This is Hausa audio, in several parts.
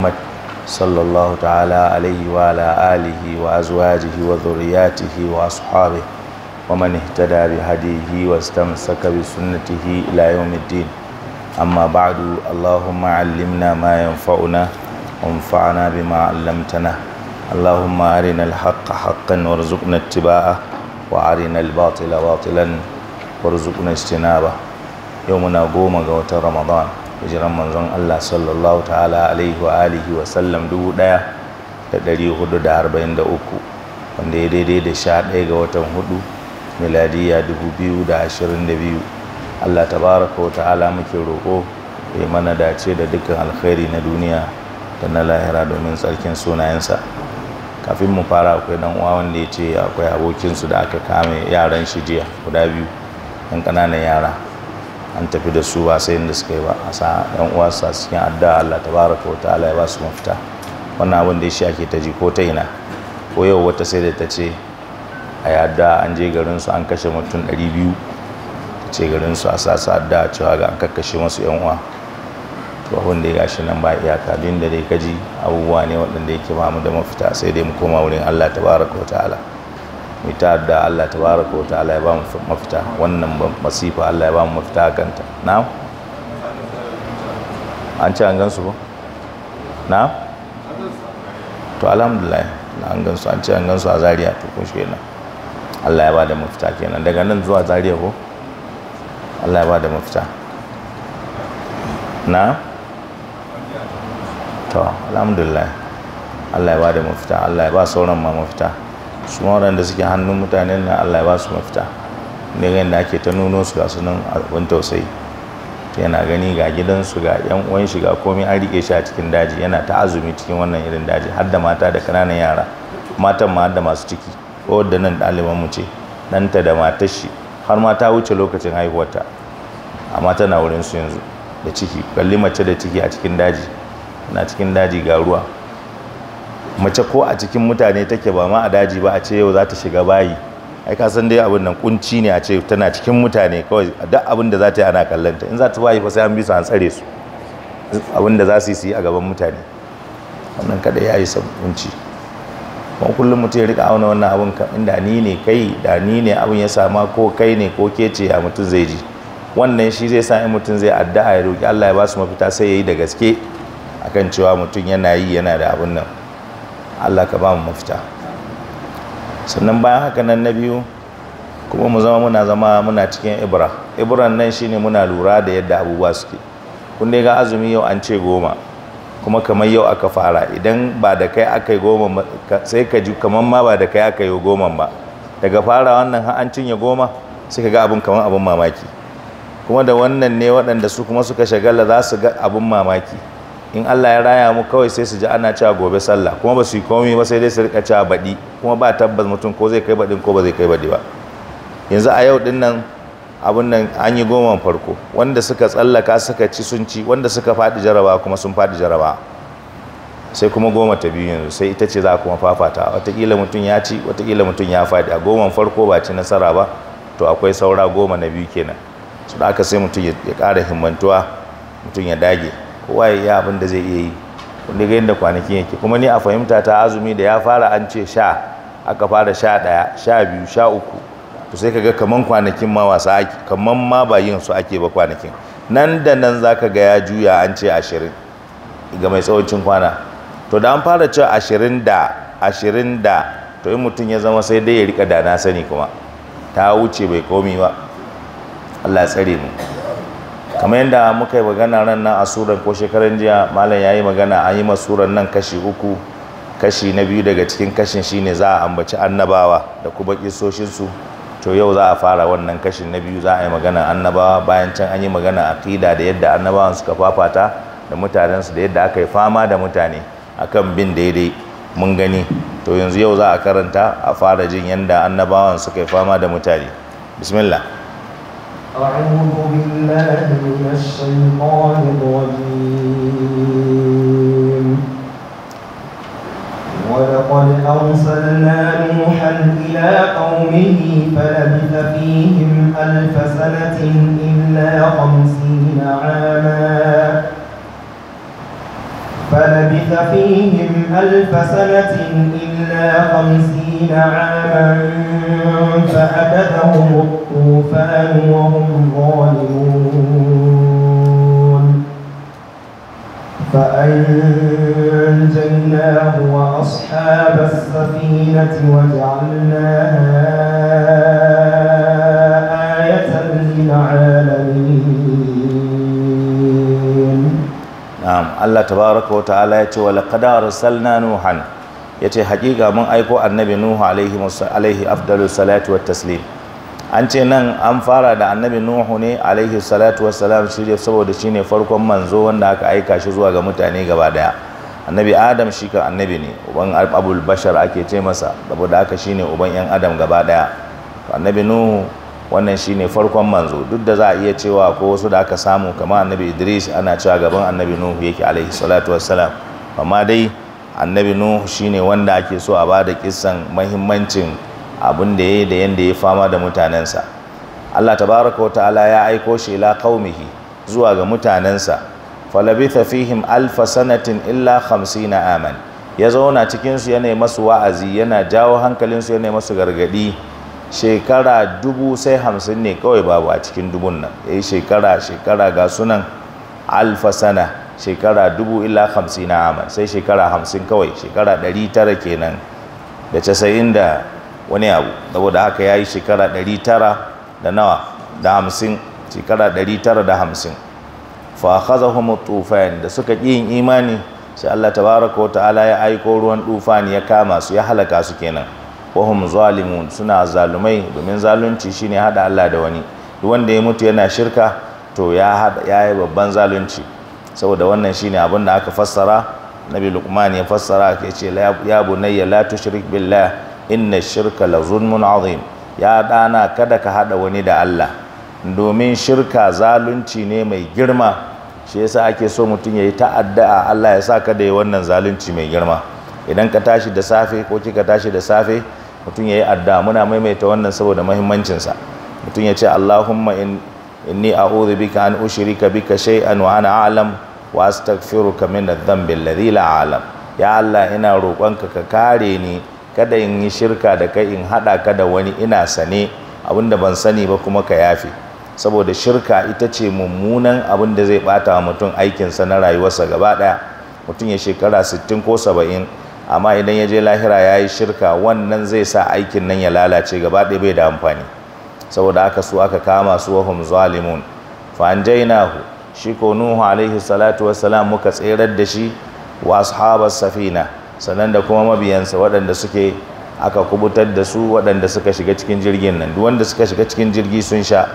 محمد صلى الله تعالى عليه وعلى آله وأزواجه وذرياته وأصحابه ومن اهتدى بهديه واستمسك بسنته إلى يوم الدين أما بعد اللهم علمنا ما ينفعنا وانفعنا بما علمتنا اللهم أرنا الحق حقا وارزقنا اتباعه وأرنا الباطل باطلا وارزقنا اجتنابه يومنا قوم قوة رمضان hijiran manzon Allah sallallahu ta'ala alaihi wa alihi wa sallam uku wanda ya daidai da sha ɗaya ga watan hudu dubu biyu da ashirin da biyu. Allah tabaraka wa ta'ala muke roƙo ya mana dace da dukkan alkhairi na duniya da na lahira domin tsarkin sunayensa kafin mu fara akwai dan uwa wanda ya ce akwai abokinsu da aka kame yaran shi jiya guda biyu 'yan ƙananan yara an tafi da su ba sai inda suka yi ba a sa yan uwa sa cikin adda Allah tabaraka wa ta'ala ya ba su mafita wannan abin da ya shi ake ta ji ko ta ina ko yau wata sai da ta ce a yadda an je garin su an kashe mutum 200 ta ce garin su a sa su addu'a cewa ga an kakkashe masu yan uwa to abin da ya gashi nan ba iyaka duk da dai kaji abubuwa ne waɗanda yake ba mu da mafita sai dai mu koma wurin Allah tabaraka wa ta'ala mu ta da Allah tabaraka wa ta'ala ya ba mu mafita wannan masifa Allah ya ba mu mafita a kanta na an ci an gan su ba na to alhamdulillah na an su an ci an su a Zariya to kun shi Allah ya ba da mafita kenan daga nan zuwa Zariya ko Allah ya ba da mafita na to alhamdulillah Allah ya ba da mafita Allah ya ba sauran ma mafita su waɗanda suke hannun mutanen na Allah ya ba su mafita ne yadda ake ta nuno su ga sunan abin tausayi yana gani ga gidansu ga yan uwan shi ga komai an rike shi a cikin daji yana ta azumi cikin wannan irin daji har da mata da ƙananan yara matan ma har da masu ciki ko da nan ɗaliban mu ce ɗanta da matar shi har ma ta wuce lokacin haihuwarta amma tana wurin su yanzu da ciki kalli mace da ciki a cikin daji na cikin daji ga ruwa mace ko a cikin mutane take ba ma a daji ba a ce yau za ta shiga bayi ai ka san dai abin nan kunci ne a ce tana cikin mutane kawai duk abin da za ta yi ana kallanta in za ta bayi fa sai an bi su an tsare su abin da za su yi a gaban mutane wannan kada ya yi kunci kuma kullum mutum ya rika auna wannan abin kan inda ni ne kai da ni ne abin ya sama ko kai ne ko ke ce ya mutum zai ji wannan shi zai sa in mutum zai addu'a ya roki Allah ya ba su mafita sai ya yi da gaske akan cewa mutum yana yi yana da abin nan Allah ka ba mu mafita sannan bayan haka nan na biyu kuma mu zama muna zama muna cikin ibra ibran nan shine muna lura da yadda abubuwa suke kun dai ga azumi yau an ce goma kuma kamar yau aka fara idan ba da kai aka yi goma sai ka ji kamar ma ba da kai aka yi goma ba daga fara wannan an cinye goma sai ka ga abin kamar abin mamaki kuma da wannan ne waɗanda su kuma suka shagala za su ga abin mamaki in Allah ya raya mu kawai sai su ji ana cewa gobe sallah kuma ba su yi komai ba sai dai su rika cewa baɗi kuma ba tabbas mutum ko zai kai baɗin ko ba zai kai badi ba yanzu a yau din nan abun nan an yi goma farko wanda suka tsallaka suka ci sun ci wanda suka fadi jaraba kuma sun faɗi jaraba sai kuma goma ta biyu yanzu sai ita ce za kuma fafata watakila mutum ya ci watakila mutum ya fadi a goman farko ba ci nasara ba to akwai saura goma na biyu kenan su da aka sai mutum ya kara himmantuwa mutum ya dage kowa ya yi abin da zai iya yi wanda ga yadda kwanakin yake kuma ni a fahimta ta azumi da ya fara an ce sha aka fara sha daya sha biyu sha uku to sai ka ga kaman kwanakin ma wasa ake kaman ma ba yin su ake ba kwanakin nan da nan za ka ga ya juya an ce ashirin ga mai tsawancin kwana to da an fara cewa ashirin da ashirin da to in mutum ya zama sai dai ya rika da na sani kuma ta wuce bai komi ba Allah tsare mu kamar yadda muka yi magana ran nan a surar ko shekaran jiya malam ya yi magana an yi masurar nan kashi uku kashi na biyu daga cikin kashin shine za a ambaci annabawa da kuma kisoshinsu to yau za a fara wannan kashin na biyu za a yi magana annabawa bayan can an yi magana aqida da yadda annabawan suka fafata da mutanensu da yadda aka yi fama da mutane a kan bin daidai mun gani to yanzu yau za a karanta a fara jin yadda annabawan suka yi fama da mutane bismillah أعوذ بالله من الشيطان الرجيم ولقد أرسلنا نوحا إلى قومه فلبث فيهم ألف سنة إلا خمسين عاماً فلبث فيهم ألف سنة إلا خمسين عاما فأبدهم الطوفان وهم ظالمون فأنجيناه وأصحاب السفينة وجعلناها Allah tabaraka wa ta'ala ya ce wa laqad arsalna nuhan yace hakika mun aiko annabi nuhu alaihi alaihi afdalu salatu wat taslim an ce nan an fara da annabi nuhu ne alaihi salatu wassalam shi saboda shine farkon manzo wanda aka aika shi zuwa ga mutane gaba daya annabi adam shi kan annabi ne uban abul bashar ake ce masa saboda haka shine uban yan adam gaba daya annabi nuhu wannan shi ne farkon manzo duk da za a iya cewa ko wasu da aka samu kamar annabi idris ana cewa gaban annabi nuhu yake alaihi salatu wassalam amma dai annabi nuhu shi ne wanda ake so a ba da kissan mahimmancin abin da ya yi da yadda ya fama da mutanensa Allah tabaraka wataala ya aiko shi ila qaumihi zuwa ga mutanensa falabitha fihim alfa sanatin illa na aman ya zauna cikinsu yana masu wa'azi yana jawo hankalinsu yana masu gargadi shekara dubu sai hamsin ne kawai babu a cikin dubun nan ya eh, yi shekara shekara ga sunan alfasana shekara dubu illa hamsin na aman sai shekara hamsin kawai shekara ɗari tara kenan da casa'in da wani abu saboda haka ya yi shekara ɗari tara da nawa da hamsin shekara ɗari tara da hamsin fa homo tufan da suka ƙi yin imani sai Allah tabaraka wa ta'ala ya aiko ruwan tufani ya kama su ya halaka su kenan wahum zalimun suna zalumai domin zalunci shine hada Allah da wani duk wanda ya mutu yana shirka to ya yi babban zalunci saboda wannan shine abin da aka fassara nabi luqman ya fassara ke ce ya bunayya la tushrik billah inna shirka la zulmun azim ya dana kada ka hada wani da Allah domin shirka zalunci ne mai girma shi yasa ake so mutum yayi ta'adda Allah ya sa kada yi wannan zalunci mai girma idan ka tashi da safe ko kika tashi da safe mutum ya yi adda muna maimaita wannan saboda mahimmancinsa mutum ya ce allahumma inni bi ka an ushiri ka bi shay'an wa ana a'lam wa takfiru min adh-dhanbi la a'lam ya allah ina roƙonka ka kare ni kada in yi shirka da kai in hada ka da wani ina sane abinda ban sani ba kuma ka yafe saboda shirka ita ce mummunan abin zai bata wa mutum aikinsa na rayuwarsa gaba daya mutum ya shekara 60 ko 70 amma idan ya je lahira ya yi shirka wannan zai sa aikin nan ya lalace gaba ɗaya bai da amfani saboda aka su aka kama su wahum zalimun fa anjaynahu shi ko nuhu alaihi salatu salam muka tserar da shi wa ashabar safina sannan da kuma mabiyansa waɗanda suke aka kubutar da su waɗanda suka shiga cikin jirgin nan duk wanda suka shiga cikin jirgi sun sha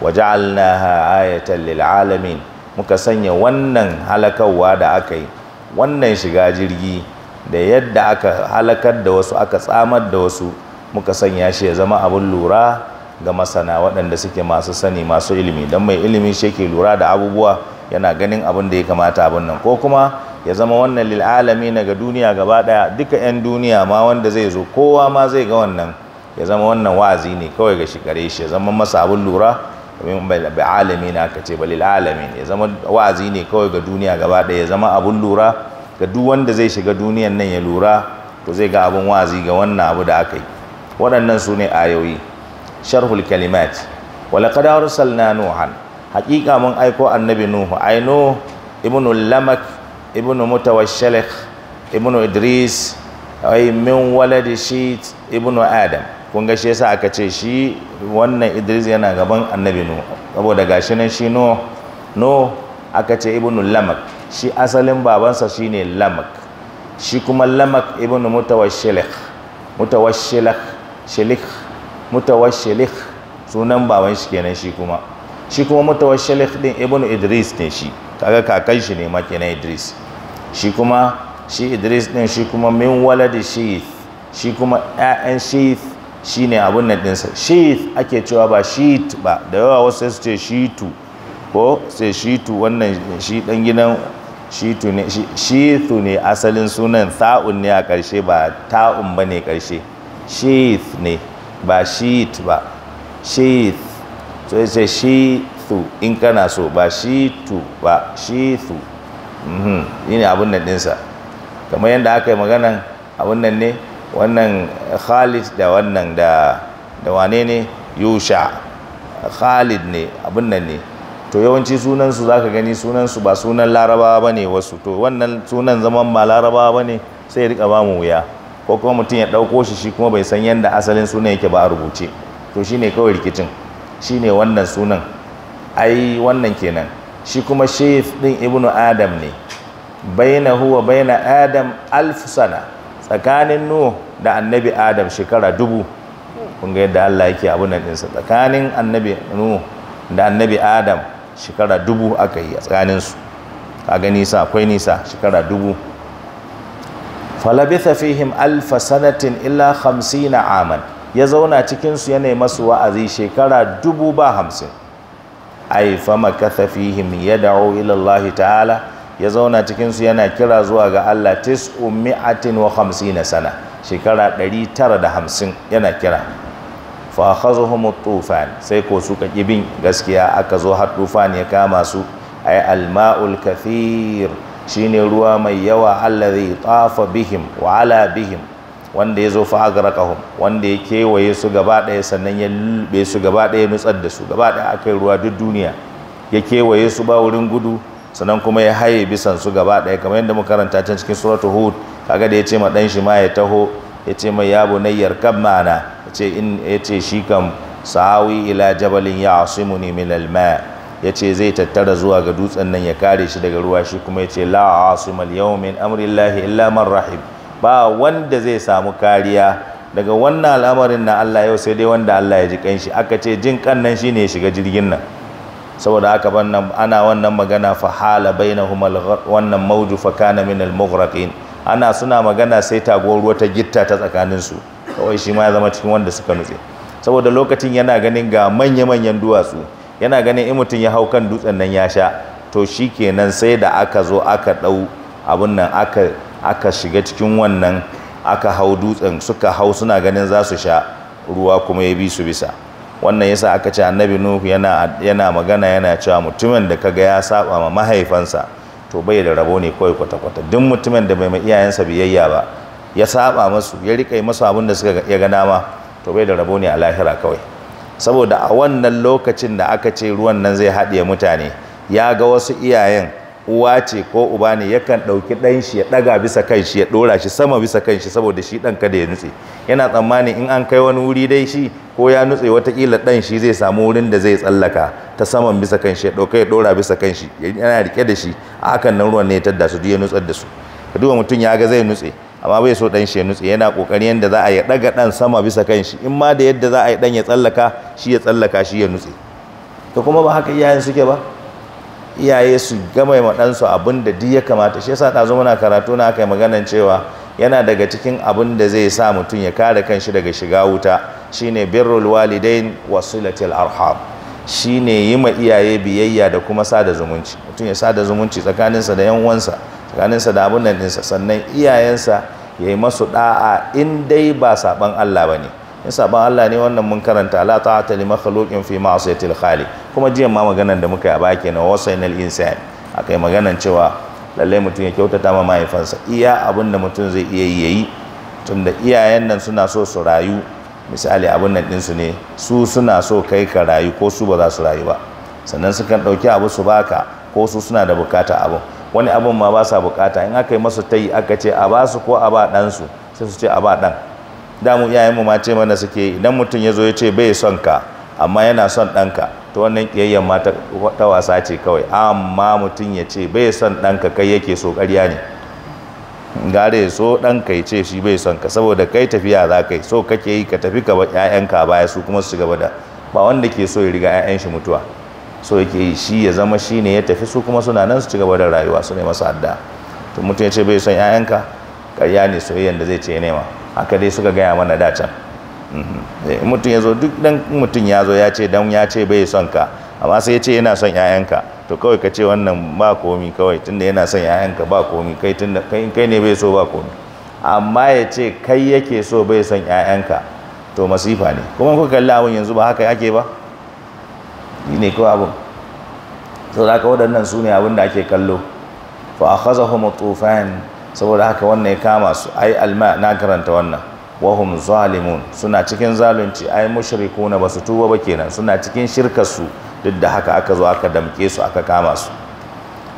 waja'alnaha ayatan lil alamin muka sanya wannan halakawa da aka yi wannan shiga jirgi da yadda aka halakar da wasu aka tsamar da wasu muka sanya shi ya zama abin lura ga masana waɗanda suke masu sani masu ilimi don mai ilimi shi ke lura da abubuwa yana ganin abin da ya kamata abin nan ko kuma ya zama wannan lil'alami na ga duniya gaba ɗaya duka 'yan duniya ma wanda zai zo kowa ma zai ga wannan ya zama wannan wa'azi ne kawai ga shigare shi ya zama masa abin lura domin bi alami na aka ce ya zama wa'azi ne kawai ga duniya gaba ɗaya ya zama abin lura ga duk wanda zai shiga duniyan nan ya lura to zai ga abin wazi ga wannan abu da aka yi waɗannan su ne ayoyi sharhul kalimat walaqad arsalna nuhan haƙiƙa mun aiko annabi nuhu aino ibnu lamak ibnu mutawashshalikh ibnu idris ay min waladi shit ibnu adam kun ga shi yasa aka ce shi wannan idris yana gaban annabi nuhu saboda gashi nan shi no no aka ce ibnu lamak shi asalin babansa shine lamak shi kuma lamak ibn mutawashilik mutawashilik shilik mutawashilik sunan baban shi kenan shi kuma shi kuma mutawashilik din ibn idris ne shi kaga kakan shi ne ma kenan idris shi kuma shi idris din shi kuma min waladi shiith shi kuma ƴaƴan shith shine abun nan dinsa shiith ake cewa ba shiith ba da yawa wasu sai su ce shitu ko sai shitu wannan shi dan gidan shi tu ne asalin sunan tha'un ne a ƙarshe ba ta'un ba ne ƙarshe shi ne ba shit ba shi so ya ce shithu in kana so ba tu ba tu? yi mhm, ne abin nan ɗinsa kamar yadda aka yi maganan abin nan ne wannan khalid da wannan da wane ne yusha khalid ne abin nan ne to yawanci sunansu za ka gani sunansu ba sunan larabawa ba ne wasu to wannan sunan zaman ba larabawa ba ne sai ya rika ba mu wuya ko kuma mutum ya ɗauko shi shi kuma bai san yadda asalin sunan yake ba a rubuce to shi ne kawai rikicin shi ne wannan sunan ai wannan kenan shi kuma shef ɗin ibnu adam ne baina huwa baina adam alf sana tsakanin nu da annabi adam shekara dubu kun yadda Allah yake abunan nan ɗinsa tsakanin annabi nu da annabi adam shekara dubu aka yi a tsakaninsu kaga nisa akwai nisa shekara dubu falabitha fihim alfa sanatin illa hamsina aman ya zauna cikinsu yana yi masu wa'azi shekara dubu ba hamsin ai fama katha fihim ya da'o ilallahi ta'ala ya zauna cikinsu yana kira zuwa ga Allah tis'u mi'atin wa hamsina sana shekara ɗari tara da hamsin yana kira fa akhazuhum tufan sai ko suka kibin gaskiya aka zo har tufan ya kama su ay alma'ul kathir shine ruwa mai yawa allah zai tafa bihim wa ala bihim wanda ya zo fa agrakahum wanda ya kewaye su gaba ɗaya sannan ya lulbe su gaba ɗaya nutsar da su gaba ɗaya akai ruwa duk duniya ya kewaye su ba wurin gudu sannan kuma ya haye bisan su gaba ɗaya kamar yadda muka karanta can cikin suratul hud kaga da ya ce ma dan shi ma ya taho ya ce mai yabo nayyar kab ma'ana ce in yace shi kam sawi ila jabalin ya asimuni min alma yace zai tattara zuwa ga dutsen nan ya kare shi daga ruwa shi kuma yace la asimal yawm min amrillahi illa man rahim ba wanda zai samu kariya daga wannan al'amarin na Allah yau sai dai wanda Allah ya ji kanshi aka ce jin kan nan shine ya shiga jirgin nan saboda haka bannan ana wannan magana fa hala bainahum wannan mawju fa kana min al-mughraqin ana suna magana sai taguwar ruwa ta gitta ta tsakanin su kawai shi ma ya zama cikin wanda suka nutse saboda lokacin yana ganin ga manya-manyan duwatsu yana ganin in mutum ya hau kan dutsen nan ya sha to shi kenan sai da aka zo aka dau abin nan aka aka shiga cikin wannan aka hau dutsen suka hau suna ganin za su sha ruwa kuma ya bi su bisa wannan yasa aka ce annabi nuhu yana yana magana yana cewa mutumin da kaga ya saba ma mahaifansa to bai da rabo ne kawai kwata-kwata duk mutumin da bai ma iyayensa biyayya ba ya saba masu ya rika yi masu abin da suka ya ga ma to bai da rabo ne a lahira kawai saboda a wannan lokacin da aka ce ruwan nan zai haɗiye mutane ya ga wasu iyayen uwa ce ko uba ne yakan ɗauki ɗan shi ya ɗaga bisa kan shi ya ɗora shi sama bisa kan shi saboda shi ɗan kada ya nutse yana tsammani in an kai wani wuri dai shi ko ya nutse watakila ɗan shi zai samu wurin da zai tsallaka ta saman bisa kan shi ya ɗauka ya ɗora bisa kan shi yana riƙe da shi a hakan nan ruwan ne ya tadda su duk ya nutsar da su ka duba mutum ya ga zai nutse amma bai so dan shi ya nutse yana kokari yanda za a yi daga dan sama bisa kan shi in ma da yadda za a yi dan ya tsallaka shi ya tsallaka shi ya nutse to kuma ba haka iyayen suke ba iyaye su gama ma ɗansu abin da duk ya kamata shi yasa ɗazu muna karatu na aka yi maganan cewa yana daga cikin abin da zai sa mutum ya kare kanshi daga shiga wuta shine birrul walidain wasilatil arham shine yi ma iyaye biyayya da kuma sada zumunci mutum ya sada zumunci tsakaninsa da yan uwansa ganinsa da abun nan sannan iyayensa ya yi masu da'a in dai ba saban Allah ba ne in saban Allah ne wannan mun karanta la ta'ata li makhluqin fi ma'siyatil khaliq kuma jiya ma maganan da muka yi a baki na wasainal insan akai maganan cewa lallai mutum ya kyautata ma mahaifansa iya abun da mutum zai iya yi tunda iyayen nan suna so su rayu misali abun nan ɗinsu ne su suna so kai ka rayu ko su ba za su rayu ba sannan sukan ɗauki abu su baka ko su suna da bukata abun wani abin ma ba sa bukata in aka yi masu ta yi aka ce a basu ko a ba ɗansu sai su ce a ba ɗan damu iyayenmu ma ce mana suke idan mutum ya zo ya ce bai son ka amma yana son ɗanka ta wannan ƙiyayyar ma ta wasa ce kawai amma mutum ya ce bai son ɗanka kai yake so ƙarya ne gare so ɗanka ya ce shi bai son ka saboda kai tafiya za ka yi so kake yi ka tafi ka ba 'ya'yanka baya su kuma su ci gaba da ba wanda ke so ya riga 'ya'yan shi mutuwa so yake yi shi ya zama shi ne ya tafi su kuma suna nan su ci gaba da rayuwa su ne masu adda to mutum ya ce bai son 'ya'yanka karya ne soyayyen da zai ce nema haka dai suka gaya mana da can mhm. eh, mutum ya zo duk dan mutum ya zo ya ce dan ya ce bai son ka amma sai ya ce yana son 'ya'yanka to kawai ka ce wannan ba komi kawai tunda yana son 'ya'yanka ba komi kai tunda kai ne bai so ba komi amma ya ce kai yake so bai son 'ya'yanka to masifa ne kuma kuka kalli abin yanzu ba haka yake ba ne kawai abin sau da waɗannan su ne abin da ake kallo fa a kaza homo tufan saboda haka wannan ya kama su ai alma na karanta wannan wahum zalimun suna cikin zalunci ai mushriku na su tuba ba kenan suna cikin shirkar su duk da haka aka zo aka damke su aka kama su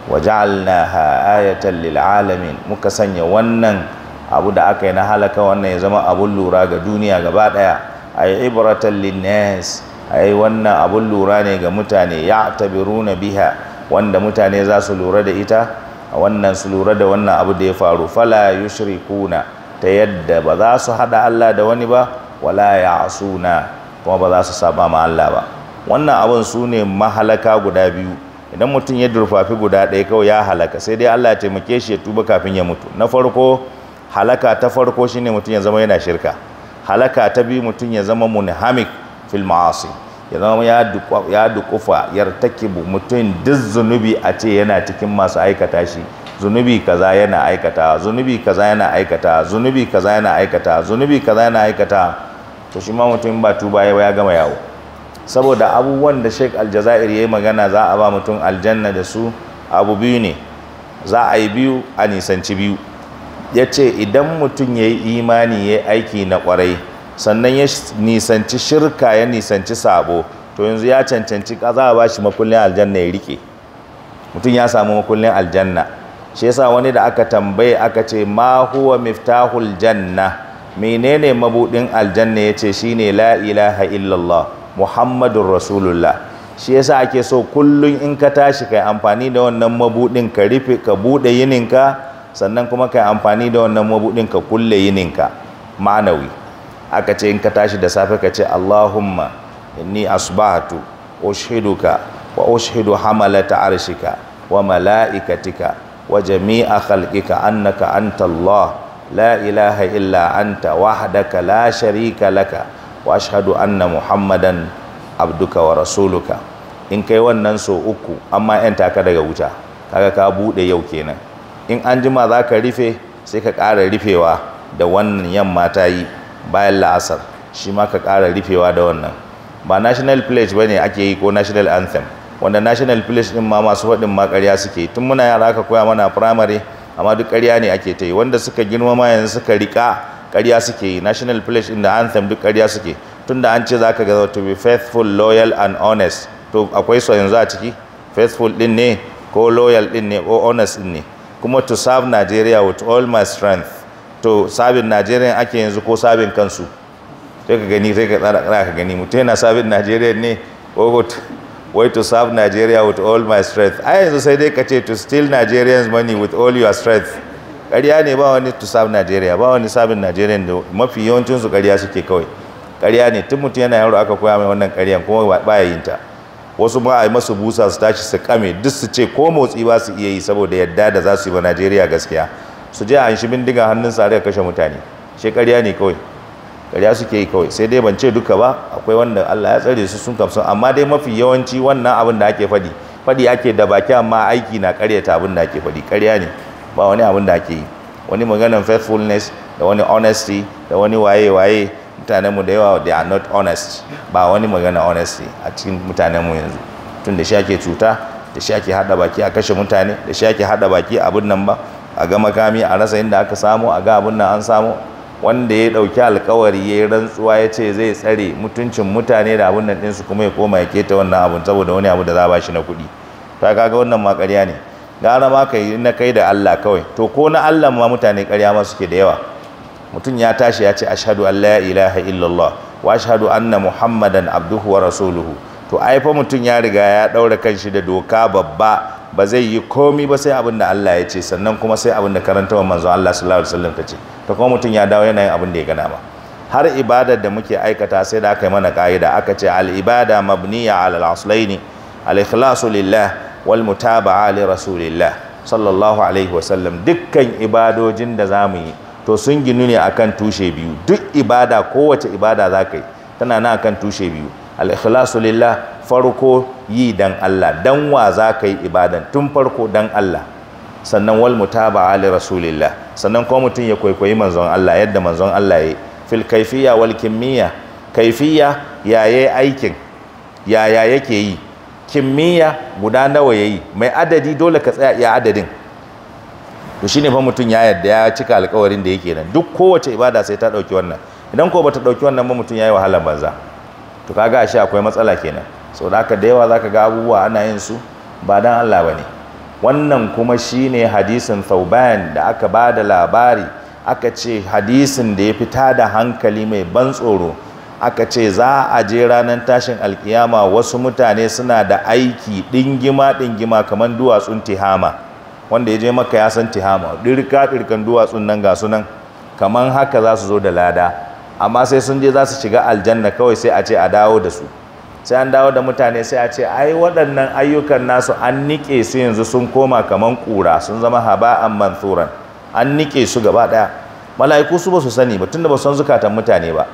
ha ayatan lil alamin muka sanya wannan abu da aka yi na halaka wannan ya zama abun lura ga duniya gaba daya ay ibratan lin ai wannan abun lura ne ga mutane ya na biha wanda mutane za su lura da ita wannan su lura da wannan abu da ya faru fala yushrikuna ta yadda ba za su hada Allah da wani ba wala suna kuma ba za su saba ma Allah ba wannan abun su ne mahalaka guda biyu idan mutum ya durfafi guda ɗaya kawai ya halaka sai dai Allah ya taimake shi ya tuba kafin ya mutu na farko halaka ta farko shine mutum ya zama yana shirka halaka ta biyu mutum ya zama munhamik fil ma'asi ya zama ya dukufa yartakibu mutum duk zunubi a ce yana cikin masu aikata shi zunubi kaza yana aikata zunubi kaza yana aikata zunubi kaza yana aikata zunubi kaza yana aikata to shi ma mutum ba tuba ya gama yawo saboda abubuwan da Sheikh Aljazair yayi magana za a ba mutum aljanna da su abu biyu ne za a yi biyu a nisanci biyu Ya ce idan mutum ya yi imani yayi aiki na kwarai sannan ya nisanci shirka ya nisanci sabo to yanzu ya cancanci kaza a shi makullin aljanna ya rike mutum ya samu makullin aljanna shi yasa wani da aka tambaye aka ce ma huwa miftahul janna menene mabudin aljanna ya yace shine la ilaha illallah muhammadun rasulullah shi yasa ake so kullum in ka tashi kai amfani da wannan mabudin ka rufe ka bude yininka sannan kuma kai amfani da wannan mabudin ka kulle yininka ma'anawi aka ce in ka tashi da safe ka ce Allahumma inni asbahtu ushiduka wa ushidu hamalata arshika wa malaikatika wa jami'a khalqika annaka antallah la ilaha illa anta wahdaka la sharika laka wa ashhadu anna muhammadan abduka wa rasuluka in kai wannan so uku amma yan taka daga wuta kaga ka bude yau kenan in anjima zaka za ka rufe sai ka ƙara rufewa da wannan yamma ta yi bayan la'asar shi ma ka ƙara rufewa da wannan ba national pledge ba ne ake yi ko national anthem wanda national pledge ɗin ma masu faɗin ma ƙarya suke tun muna yara aka koya mana primary amma duk ƙarya ne ake ta yi wanda suka girma ma yanzu suka riƙa ƙarya suke yi national pledge ɗin da anthem duk ƙarya suke tun da an ce za ka ga to be faithful loyal and honest to akwai so yanzu a ciki faithful ɗin ne ko loyal ɗin ne ko honest ɗin ne kuma to serve Nigeria with all my strength to sabin najeriya ake yanzu ko sabin kansu sai ka gani sai ka tsara ka gani mutum yana sabin najeriya ne ogot way to serve nigeria with all my strength a yanzu sai dai ka ce to steal nigerians money with all your strength ƙarya ne ba wani to serve nigeria ba wani sabin nigerian da mafi yawancinsu ƙarya suke kawai ƙarya ne tun mutum yana yaro aka koya mai wannan ƙaryan kuma ba ya yin ta wasu ma a yi masu busa su tashi su kame duk su ce ko motsi ba su iya yi saboda yadda da za su yi ba najeriya gaskiya su je a hanshi bindiga hannun sa a kashe mutane shi ƙarya ne kawai ƙarya suke yi kawai sai dai ban ce duka ba akwai wanda Allah ya tsare su sun kamsu amma dai mafi yawanci wannan abin da ake faɗi faɗi ake da baki amma aiki na ƙaryata abin da ake faɗi ƙarya ne ba wani abin da ake yi wani maganan faithfulness da wani honesty da wani waye-waye mutanenmu da yawa they are not honest ba wani magana honesty a cikin mutanenmu yanzu tun da shi ake cuta da shi ake hada baki a kashe mutane da shi ake hada baki abin nan ba a ga makami a rasa inda aka samu a ga abin nan an samu wanda ya dauki alkawari ya rantsuwa ya ce zai tsare mutuncin mutane da abin nan ɗinsu kuma ya koma ya keta wannan abun saboda wani abu da za ba shi na kuɗi ta kaga wannan ma ƙarya ne gara ma ka na kai da Allah kawai to ko na Allah ma mutane ƙarya ma suke da yawa mutum ya tashi ya ce ashhadu an la ilaha illallah wa ashhadu anna muhammadan abduhu wa rasuluhu to ai fa mutum ya riga ya ɗaura kanshi da doka babba ba zai yi komi ba sai abin da Allah ya ce sannan kuma sai abin da karantawa manzo Allah sallallahu alaihi wasallam kace to kuma mutum ya dawo yana yin abin da ya gana ba har ibadar da muke aikata sai da aka yi mana ka'ida aka ce al ibada mabniya ala al aslaini al ikhlasu lillah wal mutaba'a li rasulillah sallallahu alaihi wasallam dukkan ibadojin da zamu yi to sun ginu ne akan tushe biyu duk ibada kowace ibada zaka yi tana nan akan tushe biyu al ikhlasu lillah farko yi dan Allah dan wa za ka yi ibadan tun farko dan Allah sannan wal mutaba ali rasulillah sannan kuma mutum ya kwaikwayi manzon Allah yadda manzon Allah ya fil kaifiya wal kimiyya kaifiya yaya aikin yaya yake yi kimiyya guda nawa yayi mai adadi dole ka tsaya iya adadin to shine fa mutum ya yadda ya cika alƙawarin da yake nan duk kowace ibada sai ta dauki wannan idan ko bata dauki wannan ba mutum yayi wahalan banza to kaga ashe akwai matsala kenan sau da aka da yawa za ka ga abubuwa ana yin su ba don Allah ba ne wannan kuma shi ne hadisin thauban da aka ba da labari aka ce hadisin da ya fita da hankali mai ban tsoro aka ce za a je ranar tashin alkiyama wasu mutane suna da aiki ɗingima-ɗingima kamar duwatsun tihama wanda ya je maka ya san tihama ɗirka-ɗirkan duwatsun nan ga sunan kamar haka za su zo da lada amma sai sun je za su shiga aljanna kawai sai a ce a dawo da su sai an dawo da mutane sai a ce ai waɗannan ayyukan nasu an niƙe su yanzu sun koma kaman ƙura sun zama haba'an manthuran an nike su gaba ɗaya mala'iku su ba su sani ba tunda ba san zukatan mutane ba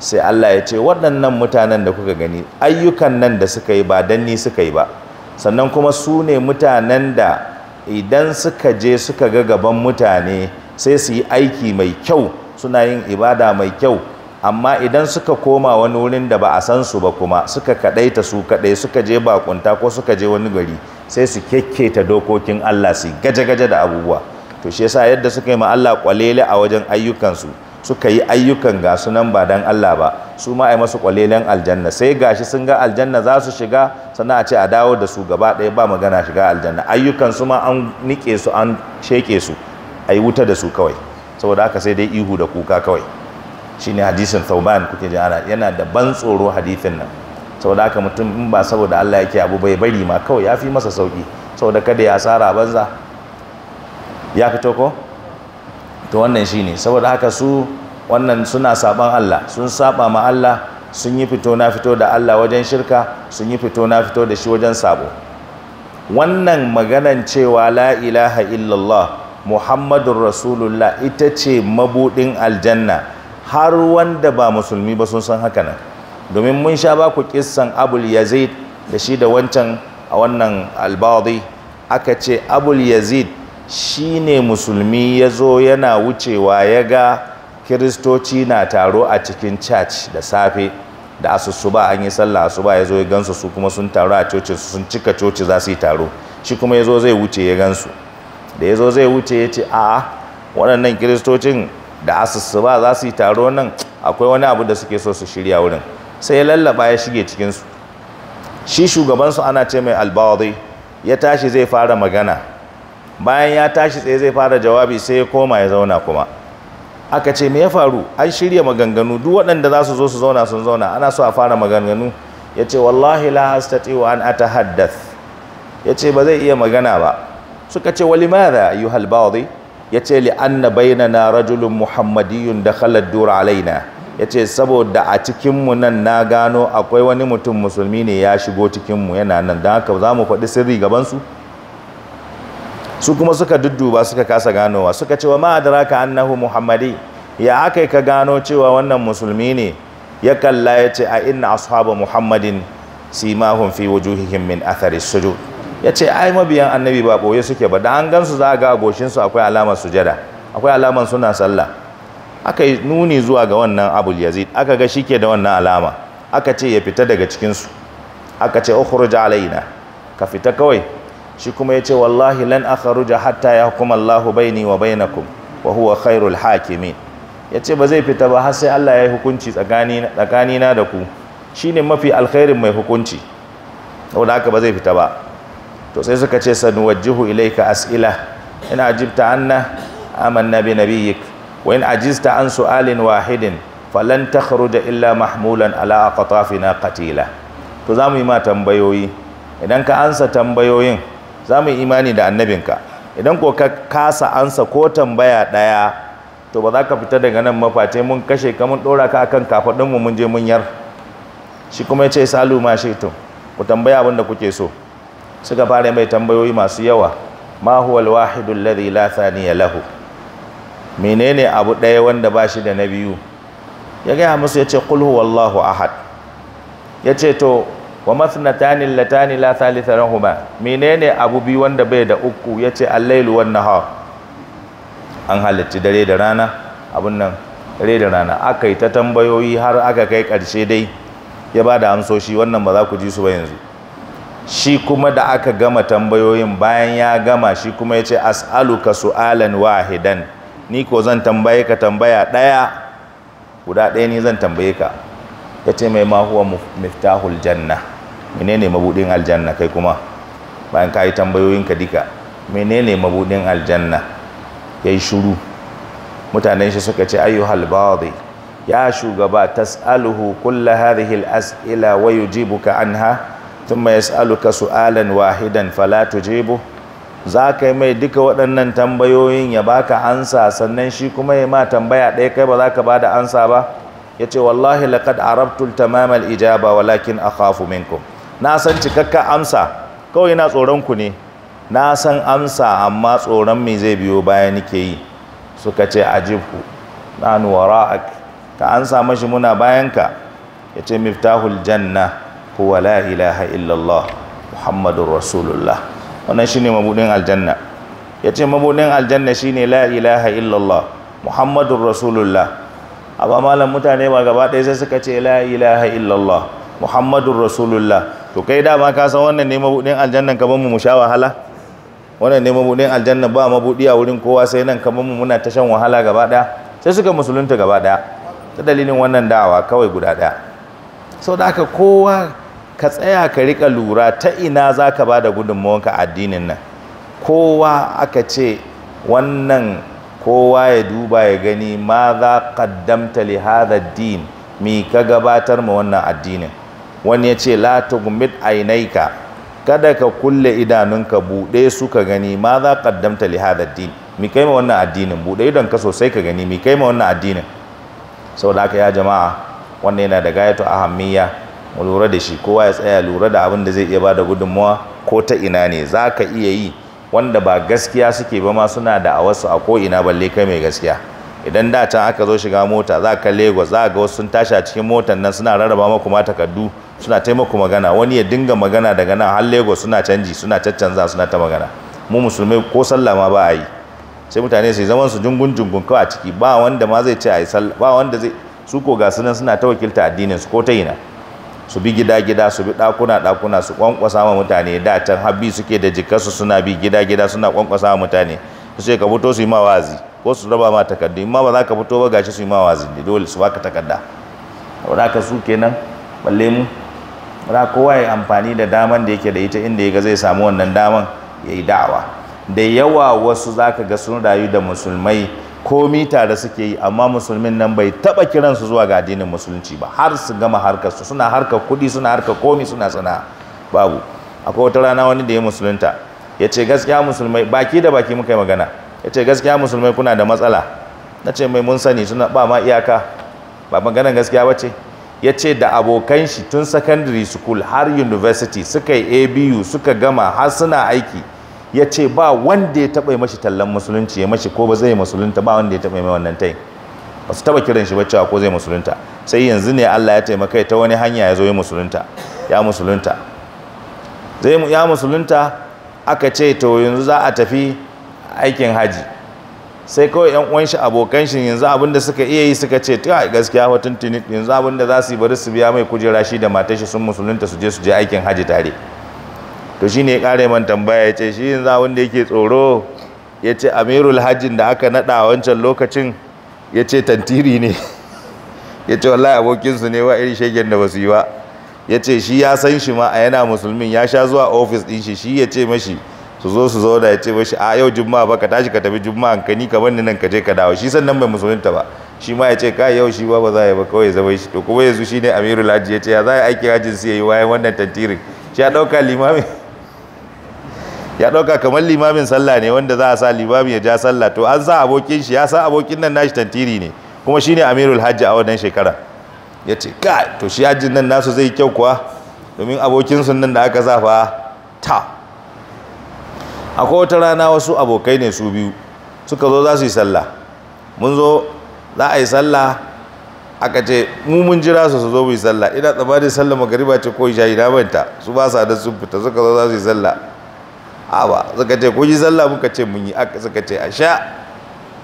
sai Allah ya ce waɗannan mutanen da kuka gani ayyukan nan da suka yi ba danni ni suka yi ba sannan kuma su ne mutanen da idan suka je suka ga gaban mutane sai su yi aiki mai kyau suna yin ibada mai kyau amma idan suka koma wani wurin da ba a san su ba kuma suka kadaita su kadai suka je bakunta ko suka je wani gari sai su kekketa dokokin Allah su gaje-gaje da abubuwa to shi yasa yadda suka yi ma Allah kwalele a wajen ayyukansu suka yi ayyukan ga su nan ba dan Allah ba su ma ai masu kwalelen aljanna sai gashi sun ga aljanna za su shiga sannan a ce a dawo da su gaba ɗaya ba magana shiga aljanna ayyukan su ma an nike su an sheke su ai wuta da su kawai saboda haka sai dai ihu da kuka kawai shine hadisin Thauban kuke ji yana da ban tsoro hadisin nan saboda haka mutum in ba saboda Allah yake abu bai bari ma kawai ya fi masa sauki saboda kada ya asara banza ya fito ko to wannan shine saboda haka su wannan suna saban Allah sun saba ma Allah sun yi fito na fito da Allah wajen shirka sun yi fito na fito da shi wajen sabo wannan maganan cewa la ilaha illallah muhammadun rasulullah ita ce mabudin aljanna har wanda ba musulmi ba sun san haka nan domin mun sha ba ku kissan abul yazid da shi da wancan a wannan albadi aka ce abul yazid shi ne musulmi ya zo yana wucewa ya ga kiristoci na taro a cikin church da safe da asusuba an yi sallah asuba ya zo ya gansu su kuma sun taru a coci sun cika coci za su yi taro shi kuma ya zo zai wuce ya gansu da ya zo zai wuce ya ce a waɗannan kiristocin da asusu ba za su yi taro nan akwai wani abu da suke so su shirya wurin sai ya lallaba ya shige cikinsu shi shugabansu ana ce mai albawadai, ya tashi zai fara magana bayan ya tashi tsaye zai fara jawabi sai ya koma ya zauna kuma aka ce me ya faru an shirya maganganu duk waɗanda za su zo su zauna sun zauna ana so a fara maganganu ya ce wallahi la wa an atahaddath ya ce ba zai iya magana ba suka ce walimada ayyuhal bawadi ya ce li'anna na rajulun muhammadiyun da khaladdura alaina ya ce saboda a cikinmu nan na gano akwai wani mutum musulmi ne ya shigo cikinmu yana nan don haka za mu faɗi sirri gabansu su kuma suka dudduba suka kasa ganowa suka ce wa ma'adaraka annahu muhammadi ya aka ka gano cewa wannan musulmi ne ya kalla ya ce a ina ashabu muhammadin simahun fi wujuhihim min athari sujud ya ce ai mabiyan annabi ba ɓoye suke ba da an gansu za a ga goshinsu akwai alamar sujada akwai alamar suna sallah aka yi nuni zuwa ga wannan abul yazid aka ga shi ke da wannan alama aka ce ya fita daga cikinsu aka ce ukhruj alaina ka fita kawai shi kuma ya ce wallahi lan ruja hatta ya hukuma Allahu baini wa bainakum wa huwa khairul hakimin ya ce ba zai fita ba har sai Allah ya yi hukunci tsakanina da ku shine mafi alkhairin mai hukunci wanda haka ba zai fita ba to sai suka ce wajihu ilaika as'ila in ajibta anna amanna nabi nabiyik wa in ajista an su'alin wahidin falan takhruja illa mahmulan ala aqtafina qatila to zamu yi ma tambayoyi idan ka ansa tambayoyin zamu yi imani da annabinka idan ko ka kasa ansa ko tambaya daya to ba za ka fita daga nan mafate mun kashe ka mun dora ka akan kafadun mu mun je mun yar shi kuma yace salu ma shaitum ku tambaya abin da kuke so suka fara mai tambayoyi masu yawa ma huwal wahidul alladhi la thaniya lahu menene abu ɗaya wanda ba shi da na biyu ya gaya musu yace ce qul huwallahu ahad yace to wa mathnatani latani la thalitha lahuma menene abu biyu wanda bai da uku yace ce al-lailu wan nahar an halarci dare da rana abun nan dare da rana aka ta tambayoyi har aka kai ƙarshe dai ya bada da amsoshi wannan ba za ku ji su ba yanzu shi kuma da aka gama tambayoyin bayan ya gama shi kuma ya ce as'aluka su'alan wahidan ni ko zan tambaye ka tambaya ɗaya guda ɗaya ni zan tambaye ka ya ce mai ma huwa miftahul janna menene mabudin aljanna kai kuma bayan ka yi tambayoyin ka dika menene mabudin aljanna ya yi shuru mutanen shi suka ce ayyuhal halbadi ya shugaba tas'aluhu kulla hadhihi al-as'ila wa yujibuka anha thumma yas'aluka su'alan wahidan fala tujibu za ka yi mai duka waɗannan tambayoyin ya baka ansa sannan shi kuma ya ma tambaya ɗaya kai ba za ka ba da ansa ba ya ce wallahi laqad arabtul tamamal ijaba walakin akhafu minkum na san cikakka amsa kawai na tsoron ku ne na san amsa amma tsoron me zai biyo baya nake yi suka ce ajibhu nanu wara'ak ka ansa mashi muna ka? ya ce miftahul janna huwa la ilaha illallah muhammadur rasulullah wannan shine mabudin aljanna yace mabudin aljanna shine la ilaha illallah muhammadur rasulullah amma malam mutane ba gaba ɗaya sai suka ce la ilaha illallah muhammadur rasulullah to kai da ma ka san wannan ne mabudin aljannan kaman mu sha wahala wannan ne mabudin aljanna ba mabudi a wurin kowa sai nan kaman mu muna ta shan wahala gaba ɗaya sai suka musulunta gaba ɗaya ta dalilin wannan da'awa kawai guda ɗaya sau da aka kowa ka tsaya ka rika lura ta ina za ka ba da gudunmawanka addinin nan kowa aka ce wannan kowa ya duba ya gani ma za kaddamta li hadha din mi ka gabatar ma wannan addinin wani ya ce la tugmit ainaika kada ka kulle idanunka buɗe su ka gani ma za kaddamta li hadha din mi kai ma wannan addinin buɗe idan ka sosai ka gani mi kai ma wannan addinin saboda haka ya jama'a wannan yana da gayatu ahammiya mu lura da shi kowa ya tsaya lura da abin da zai iya da gudunmawa ko ta ina ne za ka iya yi wanda ba gaskiya suke ba ma suna da a wasu a ko'ina balle kai mai gaskiya idan da can aka zo shiga mota za ka lagos za ga wasu sun tashi a cikin motan nan suna rarraba maku ma takardu suna taimako magana wani ya dinga magana daga nan har lagos suna canji suna caccanza suna ta magana mu musulmai ko sallah ma ba a yi sai mutane su zaman su jungun jungun kawai a ciki ba wanda ma zai ce a yi sallah ba wanda zai su ko ga sunan suna ta wakilta addinin su ko ta ina su bi gida-gida su bi dakuna dakuna su kwankwasa ma mutane da can habbi suke da jikarsu suna bi gida-gida suna kwankwasa ma mutane su ce ka fito su yi ma ko su raba ma takardu in ma ba za ka fito ba gashi su yi ma wazi ne dole su baka takarda ba ka su kenan balle mu ba kowa ya amfani da daman da yake da ita inda ya ga zai samu wannan daman ya yi da'awa da yawa wasu za ka ga sun rayu da musulmai komi tare suke yi amma musulmin nan bai taba kiransu zuwa ga addinin musulunci ba har su gama harkar su suna harkar kudi suna harkar komi suna sana'a babu akwai wata rana wani da ya musulunta ya ce gaskiya musulmai baki da baki muka yi magana ya ce gaskiya musulmai kuna da matsala na ce mai mun sani suna ba ma iyaka ba maganar gaskiya ba ce ya ce da abokan shi tun secondary school har university suka yi abu suka gama har suna aiki ya ce ba wanda ya taɓa mashi tallan musulunci ya mashi ko ba zai musulunta ba wanda ya taɓa mai wannan tai ba su taɓa kiran shi ba cewa ko zai musulunta sai yanzu ne Allah ya taimaka ta wani hanya ya zo ya musulunta ya musulunta zai ya musulunta aka ce to yanzu za a tafi aikin haji sai kawai yan uwan shi abokan shi yanzu abin da suka iya yi suka ce ta gaskiya hotun tuni yanzu abin da za su yi bari su biya mai kujera shi da matar shi sun musulunta su je su je aikin haji tare to shine ya kare man tambaya ya ce shi yanzu wanda yake tsoro ya ce amirul hajjin da aka naɗa wancan lokacin ya ce tantiri ne ya ce wallahi abokinsu ne wa iri shegen da basu yi ba ya ce shi ya san shi ma a yana musulmin ya sha zuwa ofis ɗin shi shi ya ce mashi su zo su zo da ya ce mashi a yau juma'a ba ka tashi ka tafi juma'a ka ni ka ni nan ka je ka dawo shi sannan bai musulunta ba shi ma ya ce kai yau shi ba ba za ya ba kawai zama shi to kuma yanzu ne amirul hajji ya ce ya za a yi aiki hajjin su ya yi wayan wannan tantirin shi ya ɗauka limamin ya ɗauka kamar limamin sallah ne wanda za a sa limamin ya ja sallah to an sa abokin shi ya sa abokin nan nashi tantiri ne kuma shine amirul hajji a wannan shekara ya ce ka to shi hajjin nan nasu zai kyau kuwa domin abokin sun nan da aka zafa ta akwai wata rana wasu abokai ne su biyu suka zo za su yi sallah mun zo za a yi sallah aka ce mu mun jira su su zo mu yi sallah ina tsammanin sallah magariba ce ko isha ina manta su ba sa da sun fita suka zo za su yi sallah a ba suka ce kun yi sallah muka ce mun yi suka ce a sha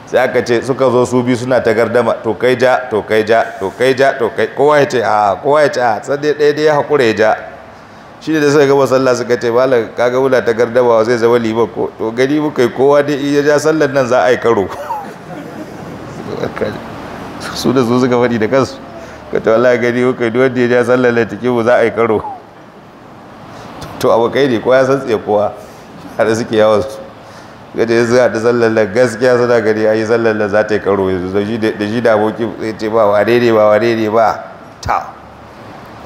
sai aka ce suka zo su bi suna ta gardama to kai ja to kai ja to kai ja to kai kowa ya ce a kowa ya ce a sai ɗaya dai ya haƙura ya ja shi da sai gaba sallah suka ce mala kaga wula ta gardama zai zama liman ko to gani muka yi kowa dai iya ja sallar nan za a yi karo su da su suka faɗi da kansu ka ta wala gani muka yi wanda ya ja sallar nan take mu za a yi karo to abokai ne kowa ya san tsaye kowa har suke yawon su gaje ya zuwa da zallalla gaskiya suna gari a yi zallalla za ta yi karo yanzu da shi da aboki zai ce ba wane ne ba wane ne ba ta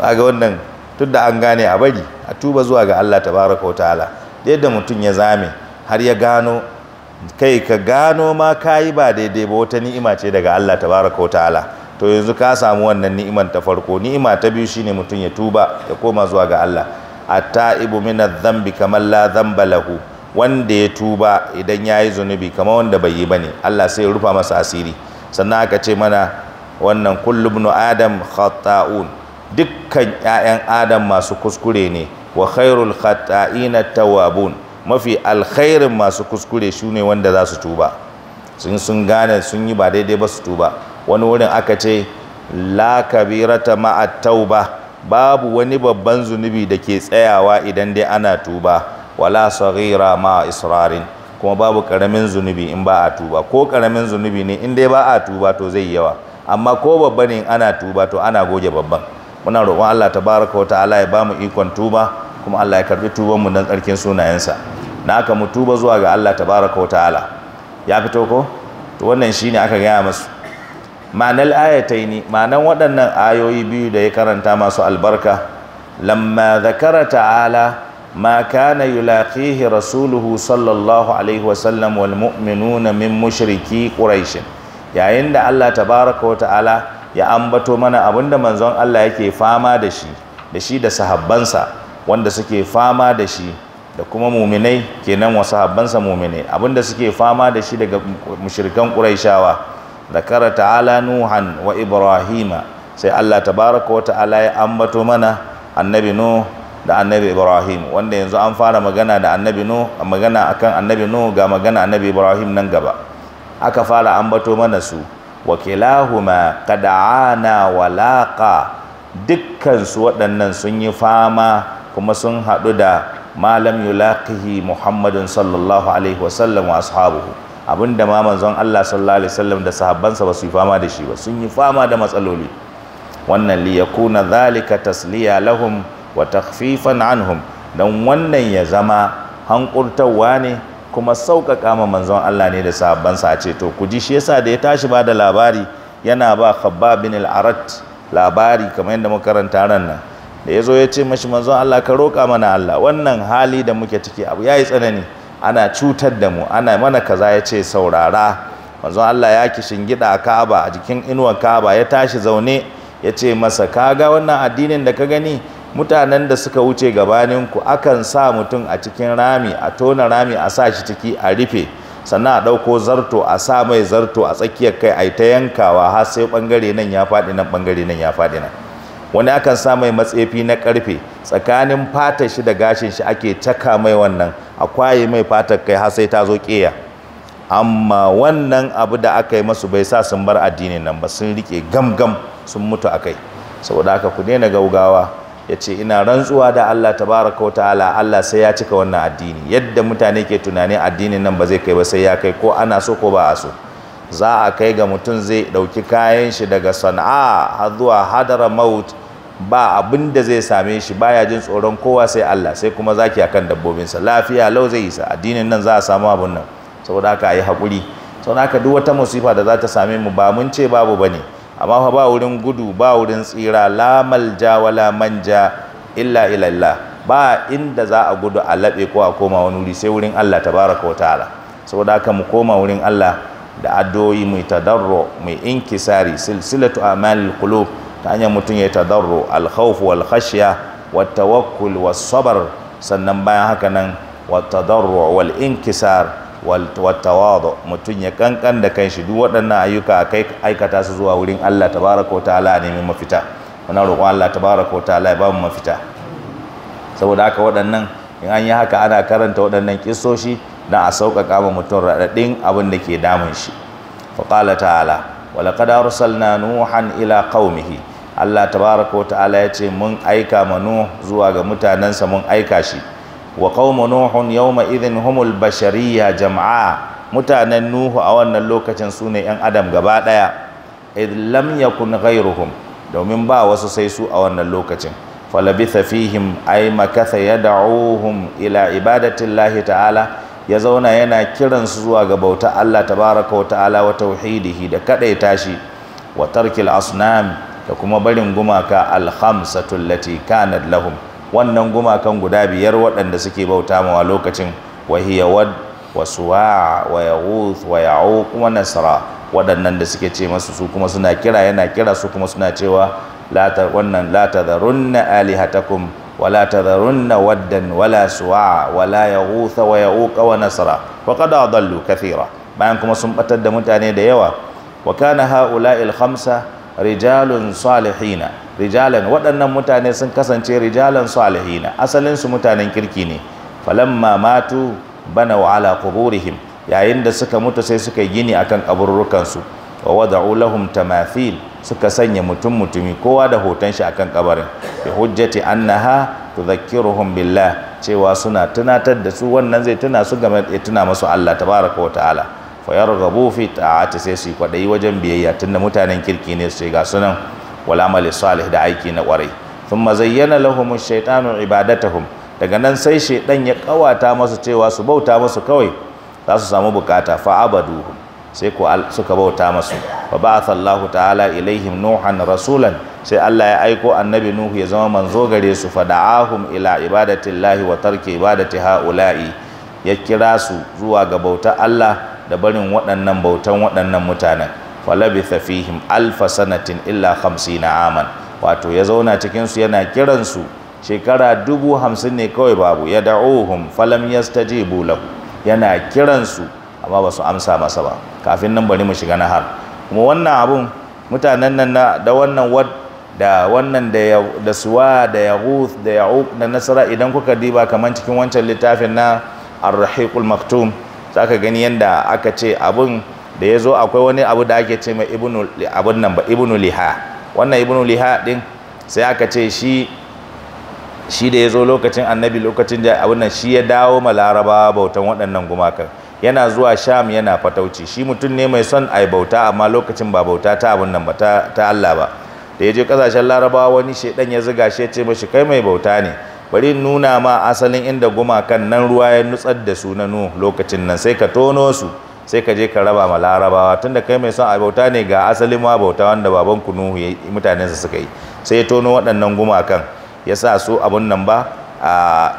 ba ga wannan tun da an gane a bari a tuba zuwa ga Allah tabaraka wa ta'ala yadda mutum ya zame har ya gano kai ka gano ma ka yi ba daidai ba wata ni'ima ce daga Allah bara wa ta'ala to yanzu ka samu wannan ni'iman ta farko ni'ima ta biyu shine mutum ya tuba ya koma zuwa ga Allah atta taibu dhanbi kamar la dhanba lahu wanda ya tuba idan yayi zunubi kamar wanda bai yi bane Allah sai ya rufa masa asiri sannan aka ce mana wannan kullum ibn adam khata'un dukkan 'ya'yan adam masu kuskure ne wa khairul khata'ina tawabun mafi alkhairin masu kuskure shine wanda za su tuba sun sun gane sun yi ba daidai ba su tuba wani wurin aka ce la kabirata ma'a tauba babu wani babban zunubi da ke tsayawa idan dai ana tuba wala saghira ma israrin kuma babu karamin zunubi in ba a tuba ko karamin zunubi ne in dai ba a tuba to zai yawa amma ko babba ne in ana tuba to ana goge babban muna roƙon Allah tabaraka wata'ala ya bamu ikon tuba kuma Allah ya karbi tuban mu nan tsarkin sunayensa na aka mu tuba zuwa ga Allah tabaraka wata'ala ya fito ko to wannan shine aka gaya masu ma'anar ayataini ma'anar waɗannan ayoyi biyu da ya karanta masu albarka lamma zakara ta'ala ma kana yulaqihi rasuluhu sallallahu alaihi wasallam wal mu'minuna min mushriki quraish yayin da Allah ta baraka ta'ala ya ambato mana abinda manzon Allah yake fama da shi da shi da sahabbansa wanda suke fama da shi da kuma muminai kenan wa sahabbansa muminai abinda suke fama da shi daga mushrikan quraishawa ذكر تعالى نوحا وإبراهيم سي الله تبارك وتعالى أمبتو منا النبي نوح da annabi ibrahim wanda yanzu an fara magana da annabi nu magana akan annabi nu ga magana annabi ibrahim nan gaba aka fara ambato mana su wa kilahuma qad'ana wa laqa dukkan su waɗannan sun yi fama kuma sun haɗu da malam yulaqihi Muhammadu sallallahu alaihi wasallam wa ashabuhu da ma manzon Allah sallallahu alaihi wasallam da sahabbansa ba su yi fama da shi ba sun yi fama da matsaloli wannan li yakuna dhalika tasliya lahum wa takhfifan anhum dan wannan ya zama hankurtawa ne kuma sauƙaƙa ma manzon Allah ne da sahabbansa a ce to ku ji shi yasa da ya tashi ba da labari yana ba Khabbab bin al-Arat labari kamar yadda muka karanta ran nan da yazo ya ce mashi manzon Allah ka roƙa mana Allah wannan hali da muke ciki abu yayi tsanani ana cutar da mu ana mana kaza ya ce saurara manzon Allah ya kishin gida Ka'aba a jikin inuwar Ka'aba ya tashi zaune ya ce masa kaga wannan addinin da ka gani mutanen da suka wuce gabaninku akan sa mutum a cikin rami a tona rami a sa shi ciki a rufe sannan a ɗauko zarto a sa mai zarto a tsakiyar kai a yi ta yankawa har sai ɓangare nan ya faɗi nan ɓangare nan ya faɗi nan wani akan sa mai matsefi na ƙarfe tsakanin fatar shi da gashin shi ake caka mai wannan a kwaye mai fatar kai har sai ta zo keya amma wannan abu da aka yi masu bai sa sun bar addinin nan ba sun rike gamgam sun mutu a kai saboda haka ku daina gaugawa yace ina rantsuwa da Allah tabaraka wa ta'ala Allah sai ya cika wannan addini yadda mutane ke tunanin addinin nan ba zai kai ba sai ya kai ko ana so ko ba a so za a kai ga mutum zai ɗauki kayan shi daga sana'a har zuwa hadara maut ba abin da zai same shi baya jin tsoron kowa sai Allah sai kuma zaki akan dabbobinsa lafiya lau zai isa addinin nan za a samu abin nan saboda haka ayi hakuri saboda haka duk wata musifa da za ta same mu ba mun ce babu bane amma fa ba wurin gudu ba wurin tsira la malja wala manja illa ilallah ba inda za a gudu a laɓe ko a koma wani wuri sai wurin Allah tabaraka wataala saboda haka mu koma wurin Allah da addu'o'i mu tadarru mu inkisari silsilatu amalil qulub ta hanyar mutum ya tadarru alkhawf wal khashya wat tawakkul was sabr sannan bayan haka nan wat tadarru wal inkisar wal tawadu mutum ya kankan da kanshi duk waɗannan ayyuka kai aikata su zuwa wurin Allah tabaraka wa ta'ala ne neman mafita muna roƙon Allah tabaraka wa ta'ala ya ba mu mafita saboda haka waɗannan in an yi haka ana karanta waɗannan kisoshi na a sauƙaƙa ma mutum raɗaɗin abin da ke damun shi faƙala ta'ala walaƙad arsalna nuhan ila qaumihi Allah tabaraka ta'ala ya ce mun aika manu zuwa ga mutanensa mun aika shi wa qaumu nuhun yawma idhin humul bashariyya jam'a mutanen nuhu a wannan lokacin sune yan adam gaba daya id lam yakun ghayruhum domin ba wasu sai su a wannan lokacin falabitha fihim ay makatha yad'uhum ila ibadatillahi ta'ala ya zauna yana kiran su zuwa ga bauta Allah tabaraka ta'ala wa tauhidihi da kadaita shi wa tarkil asnam da kuma barin gumaka alhamsatul lati kanat lahum wannan gumakan guda biyar waɗanda suke bauta mawa lokacin wahiya wad wa suwa wa yaghuth wa ya'uq wa nasra waɗannan da suke ce masu su kuma suna kira yana kira su kuma suna cewa la ta wannan la tadharunna alihatakum wa la tadharunna waddan wa la suwa wa la yaghuth wa ya'uq wa nasra wa qad adallu kathira bayan kuma sun batar da mutane da yawa wa kana ha'ula'il khamsa rijalun salihina rijalan waɗannan mutane sun kasance rijalan salihina asalinsu mutanen kirki ne falamma matu bana wa ala kuburihim yayin da suka mutu sai suka gini akan kaburrukansu wa wada'u lahum tamathil suka sanya mutum mutumi kowa da hoton shi akan kabarin bi hujjati annaha tudhakkiruhum billah cewa suna tunatar da su wannan zai tuna su game da tuna masu Allah tabaraka wa ta'ala fa rabu fi ta'ati sai su kwaɗayi wajen biyayya tunda mutanen kirki ne su ga sunan walamali amali salih da aiki na kwarai thumma zayyana lahum ash-shaytanu ibadatahum daga nan sai shaidan ya kawata masu cewa su bauta masu kawai za su samu bukata fa abadu sai ko suka bauta masu fa ba'atha Allah ta'ala ilaihim nuhan rasulan sai Allah ya aiko annabi nuhu ya zama manzo gare su fa da'ahum ila ibadatillahi wa tarki ibadati ha'ula'i ya kira su zuwa ga bautar Allah da barin waɗannan bautan waɗannan mutanen falabitha fihim alfa sanatin illa na aman wato ya zauna cikinsu yana kiransu shekara dubu hamsin ne kawai babu ya da'uhum falam yastajibu lahu yana kiransu amma ba su amsa masa ba kafin nan bari mu shiga na har kuma wannan abun mutanen nan da wannan wad da wannan da suwa da yahuth da da nasara idan kuka diba kamar cikin wancan littafin na ar maktum za ka gani yadda aka ce abun da ya zo akwai wani abu da ake ce mai abin nan ba ibnu liha wannan ibnu liha din sai aka ce shi shi da ya zo lokacin annabi lokacin da abin nan shi ya dawo ma laraba bautan waɗannan gumakan yana zuwa sham yana fatauci shi mutum ne mai son a bauta amma lokacin ba bauta ta abun nan ba ta Allah ba da ya je ƙasashen larabawa wani shaidan ya ziga shi ya ce mashi kai mai bauta ne bari nuna ma asalin inda gumakan nan ruwa ya nutsar da su na nu lokacin nan sai ka tono su sai ka je ka raba ma larabawa tunda kai mai son abauta ne ga asalin ma bauta wanda baban ku nuhu mutanensa suka yi sai ya tono waɗannan gumakan ya sa su abun nan ba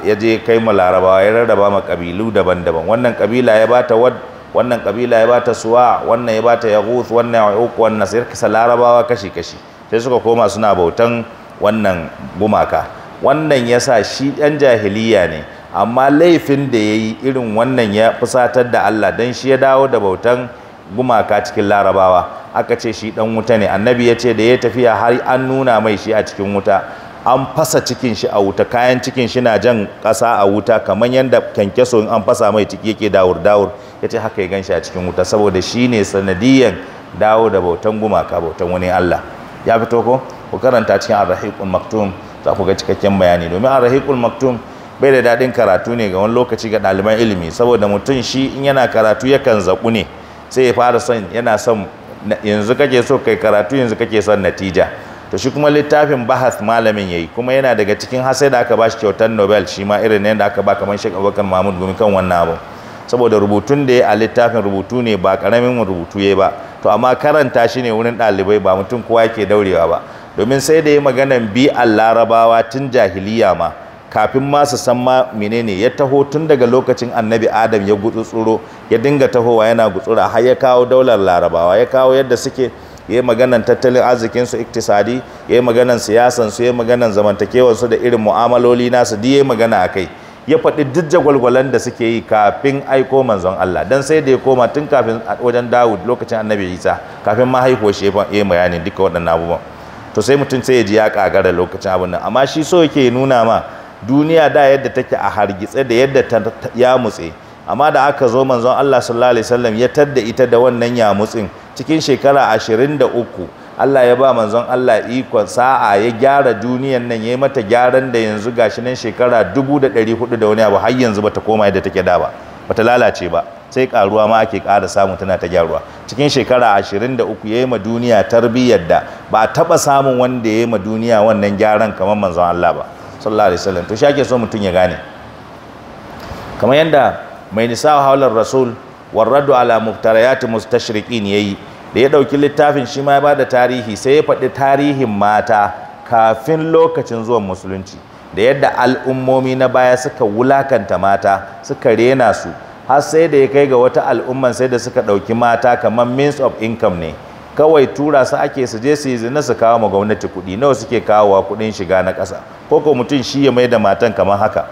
ya je kai ma larabawa ya rarraba ma kabilu daban-daban wannan kabila ya bata wad wannan kabila ya bata suwa wannan ya bata yaguth wannan uku wannan sai kasa larabawa kashi-kashi sai suka koma suna bautan wannan gumaka wannan ya sa shi ɗan jahiliya ne amma laifin da ya yi irin wannan ya fusatar da Allah don shi ya dawo da bautan gumaka cikin larabawa aka ce shi ɗan wuta ne annabi ya ce da ya tafiya har an nuna mai shi a cikin wuta an fasa cikin shi a wuta kayan cikin shi na jan ƙasa a wuta kamar yadda kyankyaso an fasa mai ciki yake dawur dawur ya ce haka ya gan shi a cikin wuta saboda shi ne sanadiyan dawo da bautan gumaka bautan wani Allah ya fito ko ku karanta cikin arrahiqul maktum za ku ga cikakken bayani domin a rahiqul maktum bai da daɗin karatu ne ga wani lokaci ga ɗaliban ilimi saboda mutum shi in yana karatu yakan zaɓu ne sai ya fara son yana son yanzu kake so kai karatu yanzu kake son natija to shi kuma littafin bahas malamin yayi kuma yana daga cikin hasai da aka ba shi kyautar nobel shi ma irin ne da aka ba kamar shek abubakar mahmud gumi kan wannan abu saboda rubutun da ya a littafin rubutu ne ba karamin rubutu ya ba to amma karanta shi ne wurin ɗalibai ba mutum kowa yake daurewa ba domin sai da ya maganan bi'an larabawa tun jahiliya ma kafin ma su san ma menene ya taho tun daga lokacin annabi adam ya gutsutsuro ya dinga tahowa yana gutsura har ya kawo daular larabawa ya kawo yadda suke yayi maganan tattalin arzikin su iktisadi yayi maganan siyasansu yayi maganan zamantakewarsu da irin mu'amaloli nasu duk yayi magana akai ya faɗi duk jagwalgwalan da suke yi kafin aiko manzon Allah dan sai da ya koma tun kafin wajen Dawud lokacin Annabi Isa kafin ma haihuwar shi ya yi bayanin duka waɗannan abubuwan to sai mutum sai ya ji ya kagara lokacin abin nan amma shi so yake nuna ma duniya da yadda take a hargitse da yadda ta ya mutse amma da aka zo manzon Allah sallallahu alaihi wasallam ya tadda ita da wannan ya mutsin cikin shekara 23 Allah ya ba manzon Allah ikon sa'a ya gyara duniyan nan ya yi mata gyaran da yanzu gashi nan shekara 1400 da wani abu har yanzu bata koma yadda take da ba bata lalace ba sai karuwa ma ake kara samu tana ta gyaruwa cikin shekara 23 yayi ma duniya tarbiyyar da ba a taba samun wanda yayi ma duniya wannan gyaran kamar manzon Allah ba sallallahu alaihi wasallam to shi ake so mutum ya gane kamar yadda mai nisa haular rasul warradu ala muftarayati ya yi, da ya dauki littafin shi ma ya da tarihi sai ya faɗi tarihin mata kafin lokacin zuwan musulunci da yadda al'ummomi na baya suka wulakanta mata suka rena su har sai da ya kai ga wata al'umman sai da suka ɗauki mata kamar means of income ne kawai tura su ake su je su yi zina su kawo ma gwamnati kuɗi nawa suke wa kuɗin shiga na ƙasa ko ko mutum shi ya mai da matan kamar haka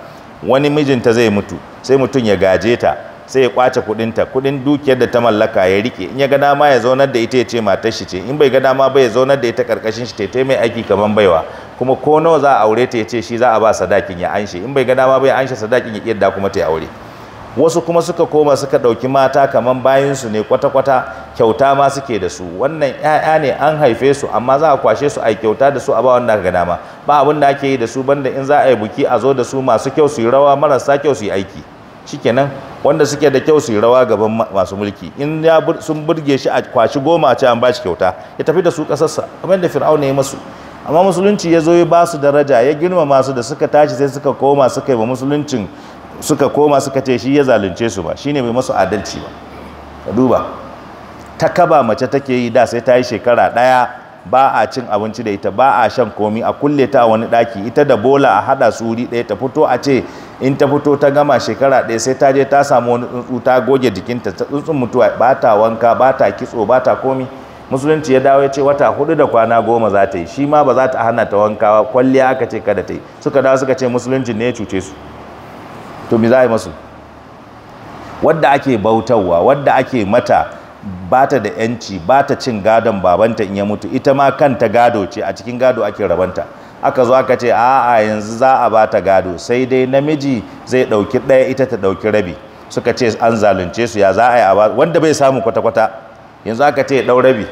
wani mijinta zai mutu sai mutum ya gaje ta sai ya kwace kuɗinta kuɗin dukiyar da ta mallaka ya rike in ya ga dama ya zaunar da ita ya ce matar shi ce in bai ga dama bai zaunar da ita karkashin shi ta mai aiki kamar baiwa kuma ko nawa za a aure ta ya ce shi za a ba sadakin ya anshe in bai ga dama bai ya anshe sadakin ya kiyar da kuma ta aure wasu kuma suka koma suka ɗauki mata kamar bayansu ne kwata-kwata kyauta ma suke da su wannan 'ya'ya ne an haife su amma za a kwashe su a kyauta da su a ba wanda aka gana ma ba abin da ake yi da su banda in za a yi buki a zo da su masu kyau su yi rawa marasa kyau su yi aiki shikenan wanda suke da kyau su yi rawa gaban masu mulki in ya sun burge shi a kwashi goma a ce an bashi kyauta ya tafi da su kasarsa kamar da fir'auna ya masu amma musulunci ya zo ya ba su daraja ya girmama su da suka tashi sai suka koma suka yi wa musuluncin suka koma suka ce shi ya zalunce su ba shi ne bai masu adalci ba ka duba ta kaba mace take yi da sai ta yi shekara ɗaya ba a cin abinci da ita ba a shan komi a kulle ta a wani daki ita da bola a haɗa su wuri ɗaya ta fito a ce in ta fito ta gama shekara ɗaya sai ta je ta samu wani tsuntsu ta goge jikinta ta tsuntsun mutuwa ba ta wanka ba ta kitso ba ta komi musulunci ya dawo ya ce wata hudu da kwana goma za ta yi shi ma ba za ta hana ta wanka kwalliya aka ce kada ta yi suka dawo suka ce musulunci ne ya cuce su to mi za a yi masu wadda ake bautawa wadda ake mata ba ta da yanci ba ta cin gadon babanta in ya mutu ita ma kanta gado ce a cikin gado ake rabanta aka zo aka ce a'a yanzu za a ba ta gado sai dai namiji zai ɗauki ɗaya ita ta ɗauki rabi suka ce an zalunce su ya za a yi a ba wanda bai samu kwata-kwata yanzu aka ce ɗau rabi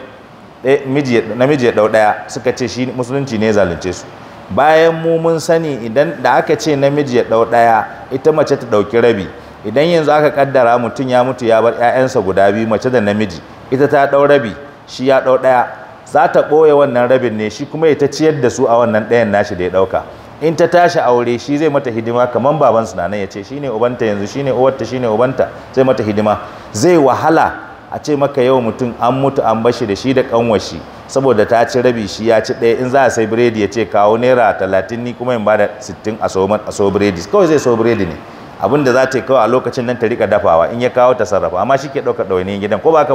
namiji ya ɗau ɗaya suka ce shi musulunci ne zalunce su bayan mu mun sani idan da aka ce namiji ya ɗau ɗaya ita mace ta ɗauki rabi idan yanzu aka kaddara mutum ya mutu ya bar 'ya'yansa guda biyu mace da namiji ita ta ɗau rabi shi ya ɗau ɗaya za ta ɓoye wannan rabin ne shi kuma ita ciyar da su a wannan ɗayan nashi da ya ɗauka in ta tashi aure shi zai mata hidima kamar baban su ya ce shine ubanta yanzu shine uwarta shine ubanta zai mata hidima zai wahala a ce maka yau mutum an mutu an bashi da shi da kanwashi saboda ta ci rabi shi ya ci ɗaya in za a sai biredi ya ce kawo naira talatin ni kuma in ba da sittin a so biredi kawai zai so biredi ne abin da za ta yi kawai a lokacin nan ta rika dafawa in ya kawo ta sarrafa amma shi ke ɗaukar ɗaunin gidan ko ba ka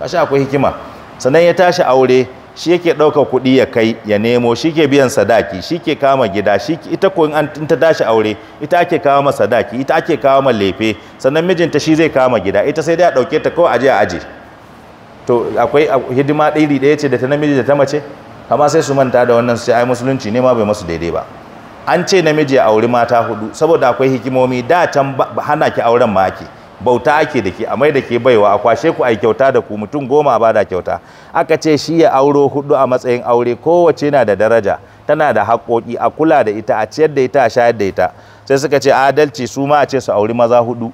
ka sha akwai hikima sannan ya tashi aure shi yake ɗaukar kuɗi ya kai ya nemo shi ke biyan sadaki shi ke kama gida shi ita ko in ta tashi aure ita ake kawo ma sadaki ita ake kawo ma lefe sannan mijinta shi zai kama gida ita sai dai a ɗauke ta kawai a aje to akwai hidima ɗiri ɗaya ce da ta namiji da ta mace amma sai su manta da wannan sai ai musulunci ne ma bai masu daidai ba an ce namiji ya auri mata hudu saboda akwai hikimomi da can hana ki auren ma ake bauta ake da ke a mai da ke baiwa a kwashe ku a kyauta da ku mutum goma a bada kyauta aka ce shi ya auro hudu a matsayin aure kowace na da daraja tana da haƙoƙi a kula da ita a ciyar da ita a shayar da ita sai suka ce adalci su ma a ce su auri maza hudu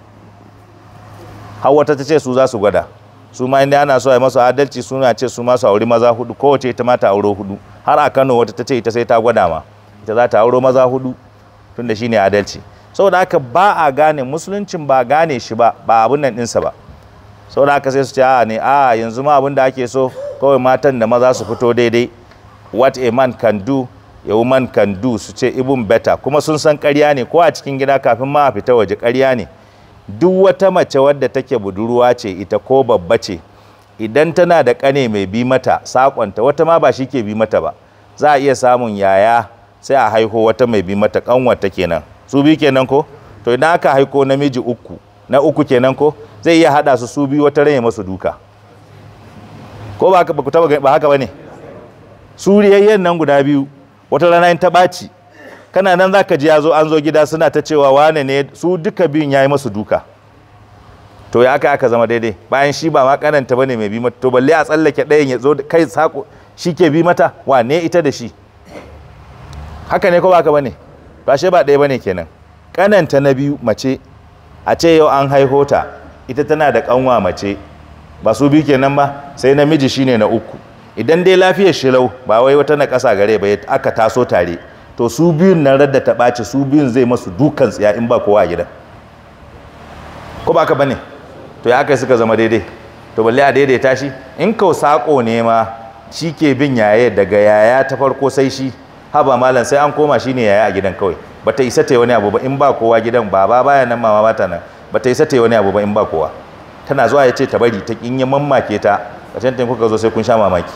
hawa ta ce su za su gwada su ma inda ana so a yi masu adalci suna ce su ma su auri maza hudu kowace ita ma ta auro hudu har a Kano wata ta ce ita sai ta gwada ma ita za ta auro maza hudu tunda shine adalci saboda haka ba a gane musuluncin ba gane shi ba ba abun nan ɗinsa ba saboda haka sai su ce a ne a yanzu ma abin da ake so kawai matan da maza su fito daidai what a man can do a woman can do su ce ibun better kuma sun san ƙarya ne ko a cikin gida kafin ma a fita waje ƙarya ne duk wata mace wadda take budurwa ce ita ko babba ce idan tana da ƙane mai bi mata sakonta wata ma ba shi ke bi mata ba za a iya samun yaya sai a haiho wata mai bi mata ƙanwata kenan su biyu kenan ko to idan aka haiko namiji uku na uku kenan ko zai iya hada su su biyu wata rai masu duka ko ba haka ba ku taba ba haka bane suriyayyen nan guda biyu wata rana in ta baci kana nan zaka ji yazo an zo gida suna ta cewa wane ne su duka biyun yayi masu duka to ya aka aka zama daidai bayan shi ba ma kananta bane mai bi mata to balle a tsallake ɗayan ya zo kai sako shi ke bi mata wane ita da shi haka ne ko ba haka bane ba shi ba ɗaya bane kenan Ƙananta na biyu mace a ce yau an haiho ta ita tana da ƙanwa mace ba su biyu kenan ba sai namiji shi ne na uku idan dai lafiyar shilau ba wai wata na ƙasa gare ba aka taso tare to su biyun nan radda ta ɓaci su biyun zai masu dukan tsiya in ba kowa a gidan ko ba ka bane to ya aka suka zama daidai to balle a ta shi in kau saƙo ne ma shi ke bin yaye daga yaya ta farko sai shi haba malam sai an koma shine yaya a gidan kawai bata isa ta wani abu ba in ba kowa gidan baba baya nan mama bata nan bata isa ta wani abu ba in ba kowa tana zuwa ya ce ta bari ta in ya mammake ta can tin kuka zo sai kun sha mamaki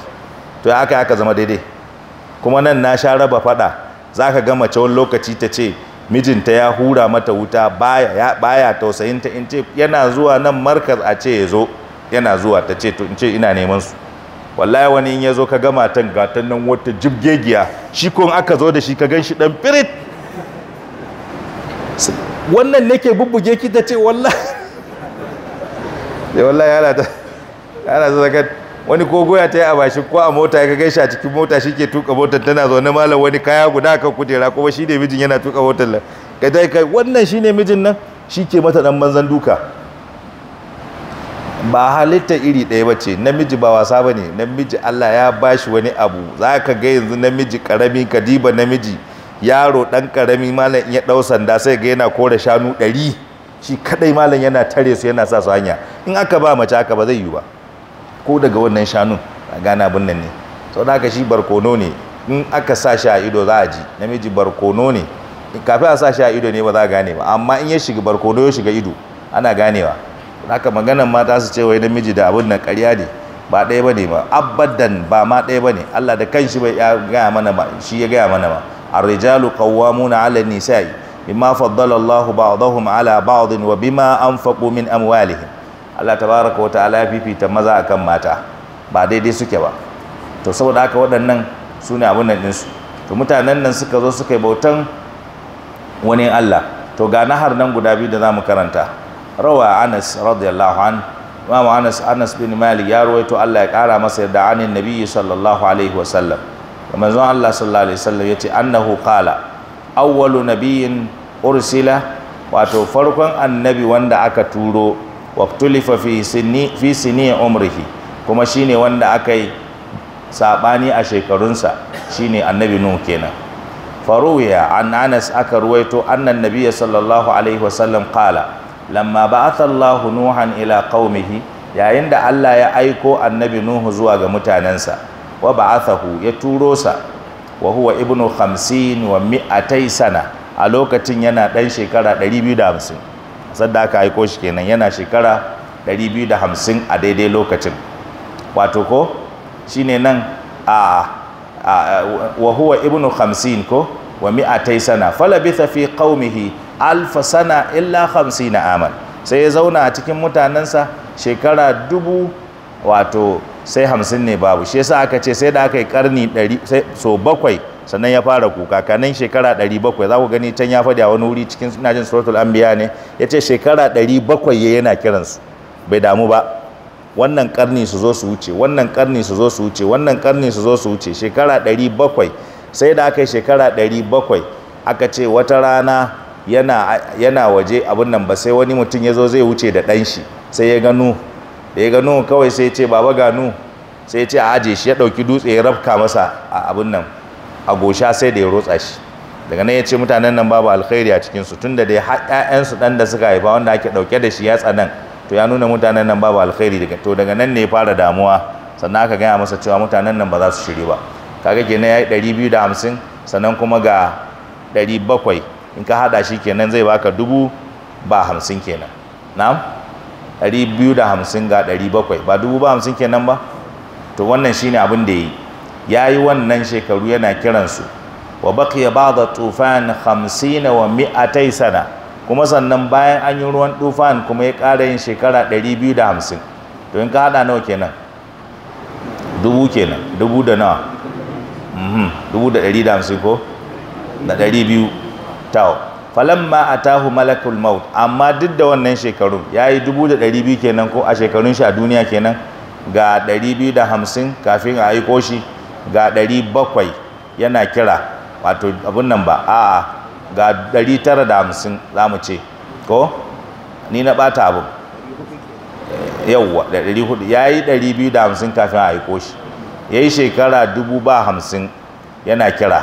to ya aka zama daidai kuma nan na sha raba fada zaka gama mace wani lokaci ta ce mijinta ya hura mata wuta baya ya baya tausayinta in ce yana zuwa nan markaz a ce ya zo yana zuwa ta ce to in ce ina neman su wallahi wani in ya zo ka ga matan gatan nan wata jibgegiya shi ko aka zo da shi ka gan shi dan firit wannan nake bubbuge ki ta ce wallahi wallahi yana ta yana zaka wani ko goya ta yi a bashin ko a mota ya gaishe a cikin mota shi ke tuka motar tana zaune malam wani kaya guda kan kujera kuma shi ne mijin yana tuka motar nan kai dai kai wannan shi ne mijin nan shi ke mata dan manzan duka ba halitta iri ɗaya ba ce namiji ba wasa ba ne namiji Allah ya ba shi wani abu za ka ga yanzu namiji ƙarami kadiba namiji yaro ɗan ƙarami malam ya ɗau sanda sai ga yana kore shanu ɗari shi kaɗai malam yana tare su yana sa su hanya in aka ba mace aka ba zai yi ba ko daga wannan shanun a gane abin nan ne sau da aka shi barkono ne in aka sa shi a ido za a ji namiji barkono ne kafin a sa shi a ido ne ba za a gane ba amma in ya shiga barkono ya shiga ido ana ganewa haka maganan mata su ce wai namiji da abin nan ƙarya ne ba ɗaya ba ne ba abadan ba ma ɗaya ba ne Allah da kanshi bai gaya mana ba shi ya gaya mana ba a rijalu muna 'ala an-nisa'i bima faddala Allahu ba'dahum 'ala ba'din wa bima anfaqu min amwalihim Allah tabaraka wa ta'ala fifita maza akan mata ba daidai suke ba to saboda haka waɗannan su ne abin nan ɗinsu to mutanen nan suka zo suka yi bautan wani Allah to ga nahar nan guda biyu da za mu karanta rawa anas radiyallahu an imamu anas bin malik ya ruwaito Allah ya kara masa yadda anan nabiyyi sallallahu alaihi wasallam manzon Allah sallallahu alaihi wasallam yace annahu qala Auwalu Nabiyyun ursila wato farkon annabi wanda aka turo waqtulifa fi sinni kuma shine wanda aka yi sabani a shekarunsa shine annabi nuh kenan faruya an anas aka ruwaito annan nabiyyi sallallahu alaihi wasallam lamma ba a Allah Nuhan ila qaumihi yayin da Allah ya aiko annabi Nuhu zuwa ga mutanensa wa ba'athahu ya turo sa wa huwa ibnu 50 wa mi'atai sana a lokacin yana dan shekara 250 sadda aka aiko shi kenan yana shekara 250 a daidai lokacin wato ko shine nan a wa huwa ibnu 50 ko wa mi'atai sana falabitha fi qaumihi alfa sana illa hamsi na aman sai ya zauna a cikin mutanensa shekara dubu wato sai hamsin ne babu shi yasa aka ce sai da aka yi karni ɗari so bakwai sannan ya fara kuka kanan shekara ɗari bakwai za ku gani can ya faɗi a wani wuri cikin ina jin suratul anbiya ne ya ce shekara ɗari bakwai ya yana kiransu bai damu ba wannan karni su zo su wuce wannan karni su zo su wuce wannan karni su zo su wuce shekara ɗari bakwai sai da aka yi shekara ɗari bakwai aka ce wata rana yana waje abun nan ba sai wani mutum ya zo zai wuce da ɗan shi sai ya gano da ya gano kawai sai ya ce baba gano sai ya ce a aje shi ya ɗauki dutse ya rafka masa a abun nan a gosha sai da ya rotsa shi daga nan ya ce mutanen nan babu alkhairi a cikinsu tunda da dai ‘ya'yansu dan da suka haifa wanda ake ɗauke da shi ya tsanan to ya nuna mutanen nan babu alkhairi daga to daga nan ne ya fara damuwa sannan aka gaya masa cewa mutanen nan ba za su shiri ba kaga kenan ya yi ɗari biyu da hamsin sannan kuma ga ɗari bakwai in ka hada shi kenan zai baka dubu ba hamsin kenan na'am ɗari biyu da hamsin ga ɗari bakwai ba dubu ba hamsin kenan ba to wannan shine abin da yi ya yi wannan shekaru yana kiransu wa baqiya ba'da tufan hamsin wa mi'atai sana kuma sannan bayan an yi ruwan tufan kuma ya ƙara yin shekara ɗari biyu da hamsin to in ka hada nawa kenan dubu kenan dubu da nawa mhm. dubu da ɗari da hamsin ko da ɗari biyu ma falamma atahu malakul maut amma duk da wannan shekarun yayi biyu kenan ko a shekarun shi a duniya kenan ga 250 kafin a aiko shi ga 700 yana kira wato abun nan ba a'a ga 950 zamu ce ko ni na bata abu ɗari 400 yayi 250 kafin a aiko shi yayi shekara hamsin yana kira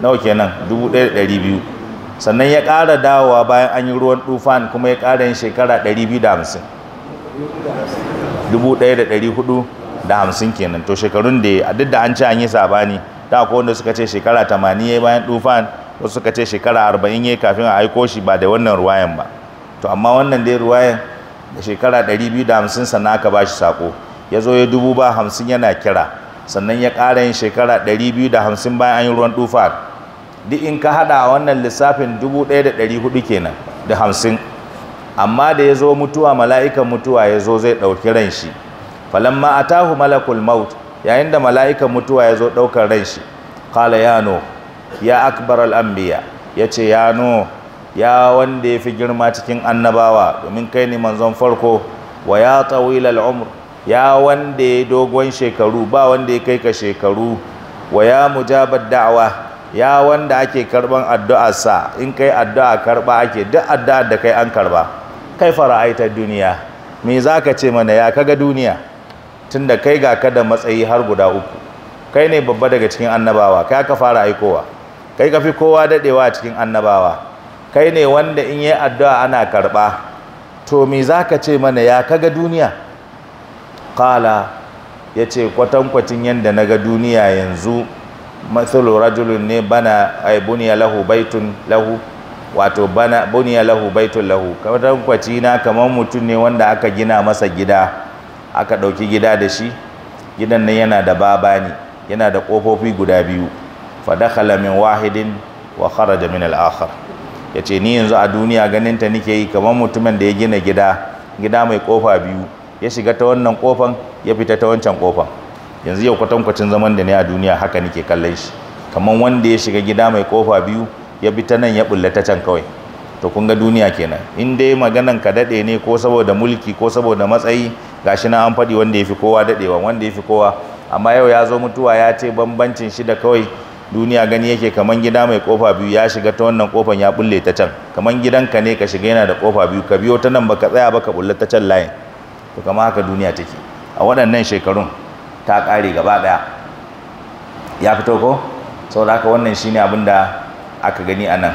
nawa kenan 1200 sannan ya ƙara dawowa bayan an yi ruwan tufan kuma ya ƙara yin shekara 250 1450 kenan to shekarun da ya duk da an ci an yi sabani ta akwai wanda suka ce shekara 80 ya bayan tufan wasu suka ce shekara 40 ya kafin a aiko shi ba da wannan ruwayan ba to amma wannan dai ruwayan da shekara 250 sannan aka ba shi sako ya zo ya dubu ba hamsin yana kira sannan ya ƙara yin shekara 250 bayan an yi ruwan tufan duk in ka hada wannan lissafin 1400 kenan da hamsin amma da ya zo mutuwa mala'ikan mutuwa ya zo zai ɗauki ran shi falamma Tahu malakul maut yayin da mala'ikan mutuwa ya zo ɗaukar ran shi kala yano ya akbar al'ambiya ya ce yano ya wanda ya fi girma cikin annabawa domin kai ne manzon farko wa ya tsawil ya wanda ya dogon shekaru ba wanda ya kai ka shekaru wa ya mujabar da'awa ya wanda ake karban sa in kai addu'a karba ake duk addu'a da kai an karba kai fara'aitar duniya me za ka ce mana ya kaga duniya tunda kai ga ka da matsayi har guda uku kai ne babba daga cikin annabawa kai aka fara aikowa kai ka fi kowa dadewa a cikin annabawa kai ne wanda in yi addu'a ana karba to me za ka ce mana ya kaga duniya kala ya ce kwatankwacin yadda na ga duniya yanzu mathalu rajulun ne bana ay buniya lahu baitun lahu wato bana buniya lahu baitun lahu kamar kwaci na kamar mutum ne wanda aka gina masa gida aka ɗauki gida da shi gidan nan yana da babani yana da kofofi guda biyu fa min wahidin wa kharaja min al-akhar yace ni yanzu a duniya ganin ta nike yi kamar mutumin da ya gina gida gida mai kofa biyu ya shiga ta wannan kofan ya fita ta wancan kofan yanzu yau kwatankwacin zaman da ne a duniya haka nake kallon shi kamar wanda ya shiga gida mai kofa biyu ya bi ta nan ya bulle ta can kawai to kun ga duniya kenan in dai maganan ka dade ne ko saboda mulki ko saboda matsayi gashi na an faɗi wanda ya fi kowa dadewa wanda ya fi kowa amma yau ya zo mutuwa ya ce bambancin shi da kawai duniya gani yake kamar gida mai kofa biyu ya shiga ta wannan kofan ya bulle ta can kamar gidanka ne ka shiga yana da kofa biyu ka biyo ta nan baka tsaya ba bulle ta can layin to kamar haka duniya take a waɗannan shekarun ta ƙare gaba ɗaya ya fito ko saboda haka wannan shine abin da aka gani a nan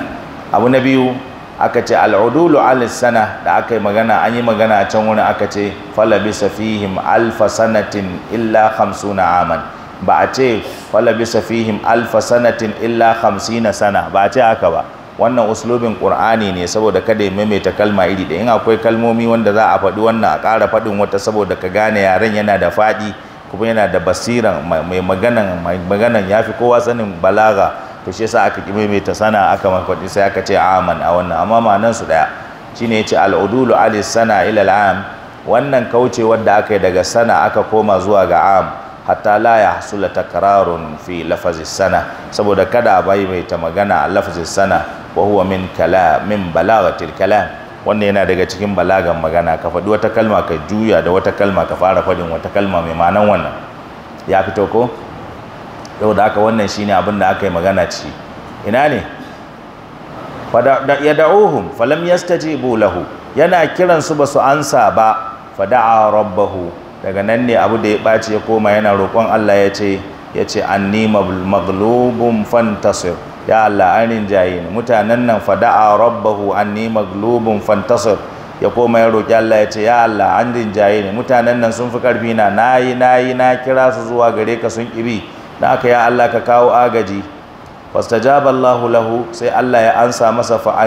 abu na biyu aka ce al'udulu al-sana da aka yi magana an yi magana a can wurin aka ce falabisa fihim alfa sanatin illa hamsuna aman ba a ce falabisa fihim alfa sanatin illa hamsina sana ba a ce haka ba wannan uslubin qur'ani ne saboda kada ya maimaita kalma iri da in akwai kalmomi wanda za a faɗi wannan a ƙara faɗin wata saboda ka gane yaren yana da faɗi kuma yana da basira mai maganan mai maganan yafi kowa sanin balaga to shi yasa aka ki maimaita sana aka mafaɗi sai aka ce aman a wannan amma ma'anan su daya shine yace al-udulu ali sana ila al-am wannan kauce da aka yi daga sana aka koma zuwa ga am hatta la yahsul takrarun fi lafazi sana saboda kada a maimaita magana a lafazin sana wa huwa min kala min balagatil kalam wannan yana daga cikin balagan magana ka faɗi wata kalma ka juya da wata kalma ka fara faɗin wata kalma mai ma'anan wannan ya fito ko yau da aka wannan shine abin da aka yi magana ci ina ne ya da'uhu falam yastajibu lahu yana kiran su ba su ansa ba fada'a rabbahu daga nan ne abu da ya ɓaci ya koma yana roƙon Allah ya ce ya ce anni fantasir ya Allah an rinjaye ni mutanen nan fada'a rabbahu anni maglubun fantasir ya koma ya roki Allah ya ce ya Allah an rinjaye ni mutanen nan sun fi karfi na nayi nayi na kira su zuwa gare ka sun kibi na aka ya Allah ka kawo agaji fastajaba Allahu lahu sai Allah ya ansa masa fa a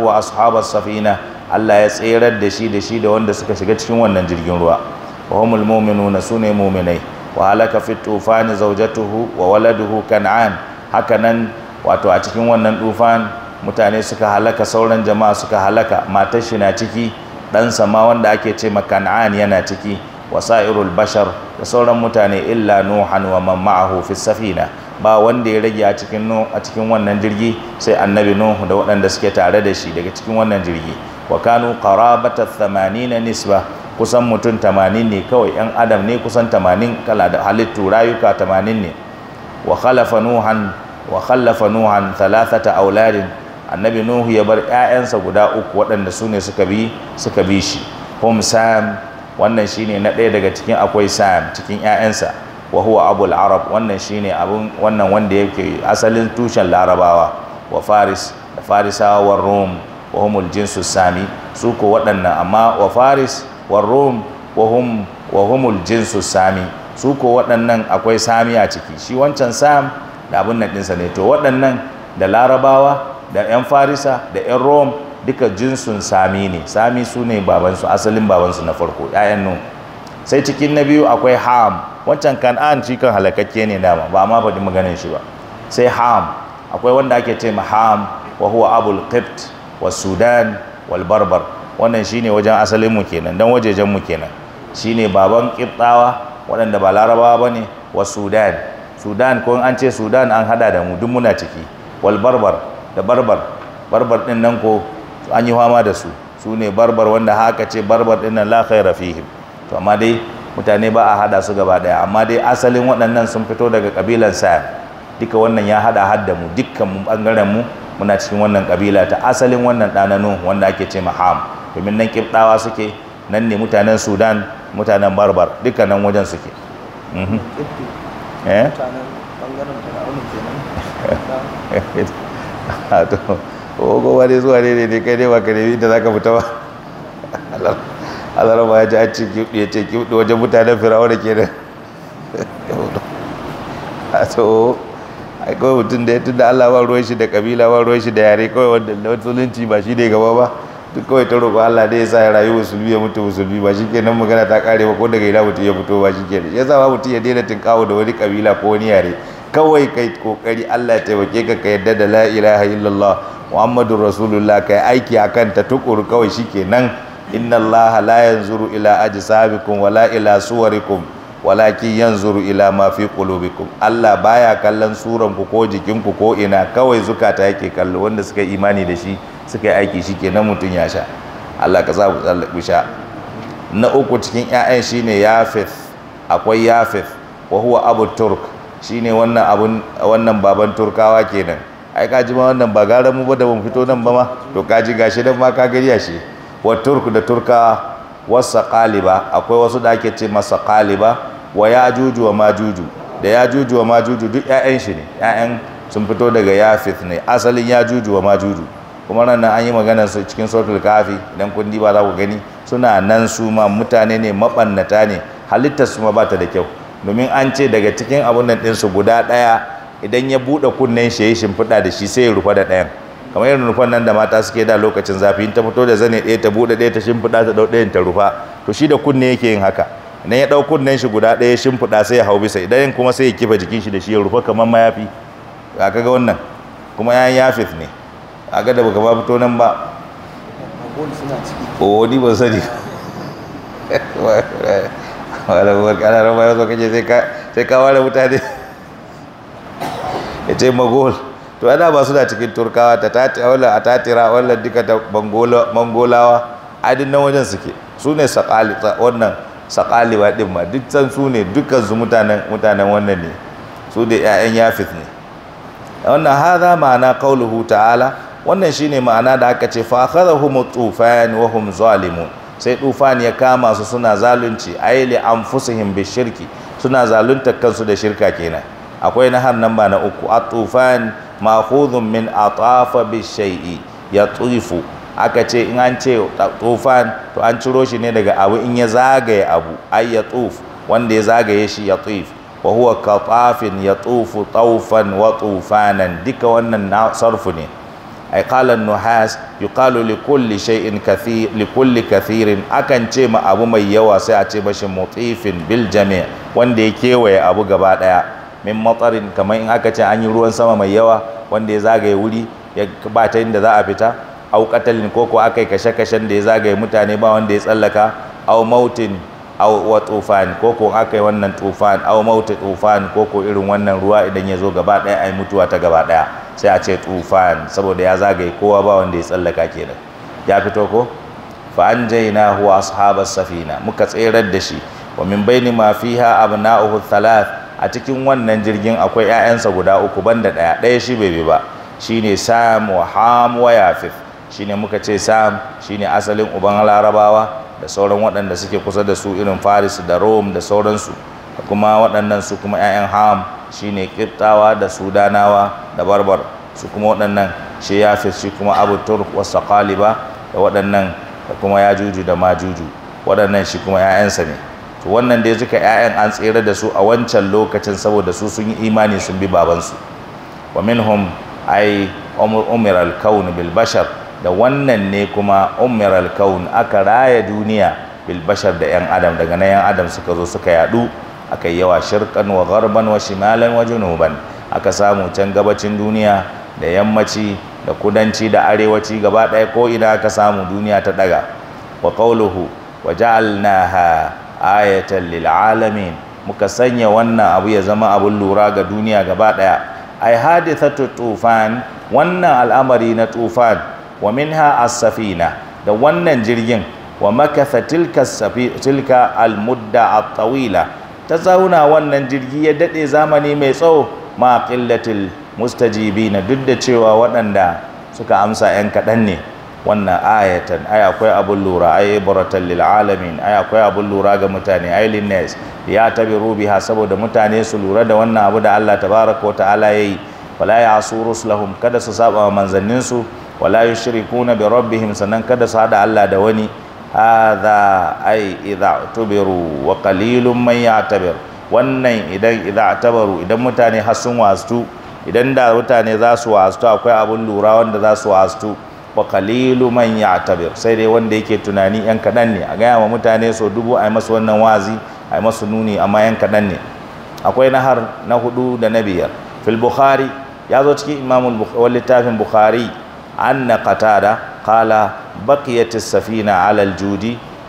wa ashabas safina Allah ya tserar da shi da shi da wanda suka shiga cikin wannan jirgin ruwa wa humul mu'minuna sune mu'minai wa halaka fit tufani zawjatuhu wa waladuhu kan'an hakanan wato a cikin wannan dufan mutane suka halaka sauran jama'a suka halaka matar shi na ciki ɗan sama wanda ake ce makan'an yana ciki wasairul bashar da sauran mutane illa nuhan wa man ma'ahu fi safina ba wanda ya rage a cikin a cikin wannan jirgi sai annabi nuhu da waɗanda suke tare da shi daga cikin wannan jirgi wa kanu qarabata 80 nisba kusan mutum 80 ne kawai yan adam ne kusan 80 kala da halittu rayuka 80 ne wa khalafa nuhan wa khallafa nuhan thalathata auladin annabi nuhu ya bar ƴaƴansa guda uku waɗanda su ne suka bi suka bi shi hum sam wannan shine na ɗaya daga cikin akwai sam cikin ƴaƴansa wa huwa abul arab wannan shine abun wannan wanda yake asalin tushen larabawa wa faris da farisawa wa rum wa humul jinsu sami su ko waɗannan amma wa faris wa rum wa hum wa humul jinsu sami su ko waɗannan akwai sami a ciki shi wancan sam da abin nan ɗinsa ne to waɗannan da larabawa da 'yan farisa da 'yan rom duka jinsun sami ne sami su ne babansu asalin babansu na farko 'ya'yan nun sai cikin na biyu akwai ham wancan kan'an cikin halakakke ne dama ba ma faɗi maganin shi ba sai ham akwai wanda ake ce ma ham wa huwa abul qibt wa sudan wal barbar wannan shine wajen asalin mu kenan dan wajejen mu kenan shine baban qibtawa waɗanda ba larabawa bane wa sudan sudan ko an ce sudan an hada da mu duk muna ciki wal barbar da barbar barbar din nan ko an yi fama da su su ne barbar wanda haka ce barbar din nan la khaira fihim to amma dai mutane ba a hada su gaba daya amma dai asalin waɗannan sun fito daga kabilan sa duka wannan ya hada har da mu dukkan mu bangaren mu muna cikin wannan kabila ta asalin wannan ɗananu wanda ake ce maham domin nan kibtawa suke nan ne mutanen sudan mutanen barbar nan wajen suke mhm. eh ah, ogo dai zuwa ne ne kai ne ba ka nemi da za ka fita ba Allah ba ya ji an ci kiɗu ya ce kiɗu wajen mutanen firawa da ke nan a so ah, ai kawai mutum da ya tun da Allah ba ruwan shi da kabila ba ruwan shi da yare kawai wanda musulunci ba shi ne gaba ba duk kawai ta roƙo Allah dai ya sa ya rayu musulmi ya mutu musulmi ba shi kenan magana ta kare ba ko daga ina mutum ya fito ba shi kenan ya ba mutum ya daina tinkawo da wani kabila ko wani yare kawai kai kokari Allah ya taimake ka ka yadda da la ilaha illallah muhammadur rasulullah kai aiki akan ta tukuru kawai shi kenan inna allaha la yanzuru ila ajsamikum wala ila suwarikum walakin yanzuru ila ma fi qulubikum Allah baya kallon suran ku ko jikin ku ko ina kawai zukata yake kallo wanda suka imani da shi suka yi aiki shi kenan mutum ya sha Allah ka zaɓi tsallaɓi sha na uku cikin 'ya'yan shine yafif akwai yafif wa huwa abu turk shine wannan abun wannan baban turkawa kenan ai ka ji ma wannan ba gara mu ba da mu fito nan ba ma to ka ji gashi nan ma ka gariya shi wa turk da turka wasa qaliba akwai wasu da ake ce masa qaliba wa yajuju wa majuju da yajuju wa majuju duk 'ya'yan shi ne 'ya'yan sun fito daga yafif ne asalin yajuju wa majuju kuma nan an yi maganar su cikin suratul kafi idan kun ba za ku gani suna nan su ma mutane ne mabannata ne halittar su ma ba ta da kyau domin an ce daga cikin abun nan ɗinsu guda ɗaya idan ya buɗe kunnen shi ya shimfiɗa da shi sai ya rufa da dayan kamar irin rufan nan da mata suke da lokacin zafi in ta fito da zane ɗaya ta buɗe ɗaya ta shimfiɗa ta dau ɗayan ta rufa to shi da kunne yake yin haka idan ya dau kunnen shi guda daya ya shimfiɗa sai ya hau bisa idan kuma sai ya kifa jikin shi da shi ya rufa kamar mayafi ga kaga wannan kuma yayin yafif ne a ga da baka ba fito nan ba o oh, wani ba sani wala war kana ran bayan kace sai ka sai ka ya mutane ita magol to ana ba su da cikin turkawa ta tati wala atatira wala duka ta bangola mangolawa adin nan wajen suke su ne sakali wannan sakali wa din ma duk san su ne dukkan su mutanen mutanen wannan ne su da ƴaƴan yafis ne wannan hadha ma'ana qauluhu ta'ala wannan shine ma'ana da aka ce fa akhadhahum tufan wa hum zalimun sai tufan ya kama su suna zalunci ayli anfusihim bishirki suna zalunta kansu da shirka kenan akwai na har nan ba na uku a tufan ma'khudhun min atafa bishai'i ya tufu aka ce in an ce tufan to an ciro shi ne daga abu in ya zagaye abu ai ya tuf wanda ya zagaye shi ya tuf wa huwa ka ya tufu taufan wa tufanan duka wannan sarfu ne ai qala nuhas yuqalu li kulli shay'in kathir li kathirin akan ce ma abu mai yawa sai a ce bashi mutifin bil jami' wanda ya kewaye abu gaba daya min matsarin kamar in aka ce an yi ruwan sama mai yawa wanda ya zagaye wuri ya ba ta inda za a fita au katalin ko ko akai kashe-kashen da ya zagaye mutane ba wanda ya tsallaka au mautin au wa tufan ko ko akai wannan tufan au mautu tufan ko ko irin wannan ruwa idan ya zo gaba daya ai mutuwa ta gaba daya sai a ce tufan saboda ya zagaye kowa ba wanda ya tsallaka kenan ya fito ko fa na huwa ashabas safina muka tserar da shi wa min baini ma fiha abna'uhu thalath a cikin wannan jirgin akwai 'ya'yansa guda uku banda ɗaya ɗaya shi bai bi ba shine sam wa ham wa yafif shine muka ce sam shine asalin uban larabawa da sauran waɗanda suke kusa da su irin faris da rome da sauransu kuma waɗannan su kuma 'ya'yan ham shine kiftawa da sudanawa da barbar su kuma waɗannan shi ya fi shi kuma abu turk wasu kaliba da waɗannan da kuma ya juju da ma juju waɗannan shi kuma ‘ya'yansa ne to wannan dai suka ‘ya'yan an tsere da su a wancan lokacin saboda su sun yi imani sun bi babansu wa minhum ai umar alkaun bil da wannan ne kuma umar alkaun aka raya duniya bilbashar da ‘yan adam daga na ‘yan adam suka zo suka yadu. aka yi yawa shirkan wa garban wa shimalan wa junuban aka samu can gabacin duniya da yammaci da kudanci da arewaci gaba ɗaya ko ina aka samu duniya ta ɗaga wa qawluhu wa ja'alnaha ayatan lil alamin muka sanya wannan abu ya zama abun lura ga duniya gaba ɗaya ai hadithatu tufan wannan al'amari na tufan wa minha as-safina da wannan jirgin wa makatha tilka tilka al-mudda at-tawila ta zauna wannan jirgi ya daɗe zamani mai tsawo ma mustajibi na duk da cewa waɗanda suka amsa ‘yan kaɗan ne wannan ayatan ai akwai abin lura ai ibratan lil alamin ai akwai abin lura ga mutane ai linnes ya rubi ha saboda mutane su lura da wannan abu da Allah tabaraka wa ta'ala yayi wala su rusulahum kada su saba manzanninsu wala yushrikuna bi rabbihim sanan kada su hada Allah da wani hadha ai idza tubiru wa qalilun man ya'tabir wannan idan idza tabaru idan mutane har sun wastu idan da mutane za su wastu akwai abun lura wanda za su wastu wa qalilu man ya'tabir sai dai wanda yake tunani yan kadan ne a gaya wa mutane so dubu ai masu wannan wazi ai masu nuni amma yan kadan ne akwai nahar na hudu da na biyar fil bukhari ya zo cikin imamul wal littafin bukhari anna qatada qala baqiyat safina ala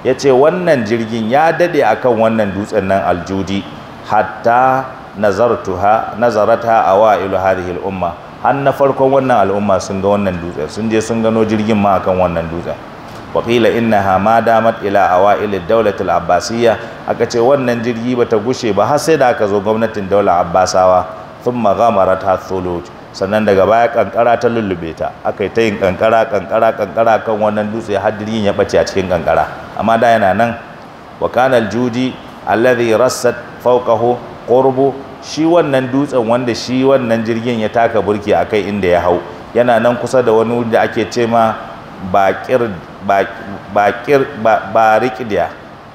ya ce wannan jirgin ya dade akan wannan dutsen nan aljudi hatta nazartuha nazarata awailu hadhihi al-umma har na farkon wannan al'umma sun ga wannan dutsen sun je sun gano jirgin ma akan wannan dutsen wakila innaha ma damat ila awail ad-dawlat al-abbasiyya aka ce wannan jirgi bata gushe ba har sai da aka zo gwamnatin daular abbasawa thumma ghamarat hathuluj sannan daga baya kankara ta lullube ta aka yi ta yin kankara kankara kankara kan wannan dutse hadirin ya bace a cikin kankara amma da yana nan wa kana aljudi alladhi rassat fawqahu qurbu shi wannan dutsen wanda shi wannan jirgin ya taka burki akai inda ya hau yana nan kusa da wani da ake ce ma baƙir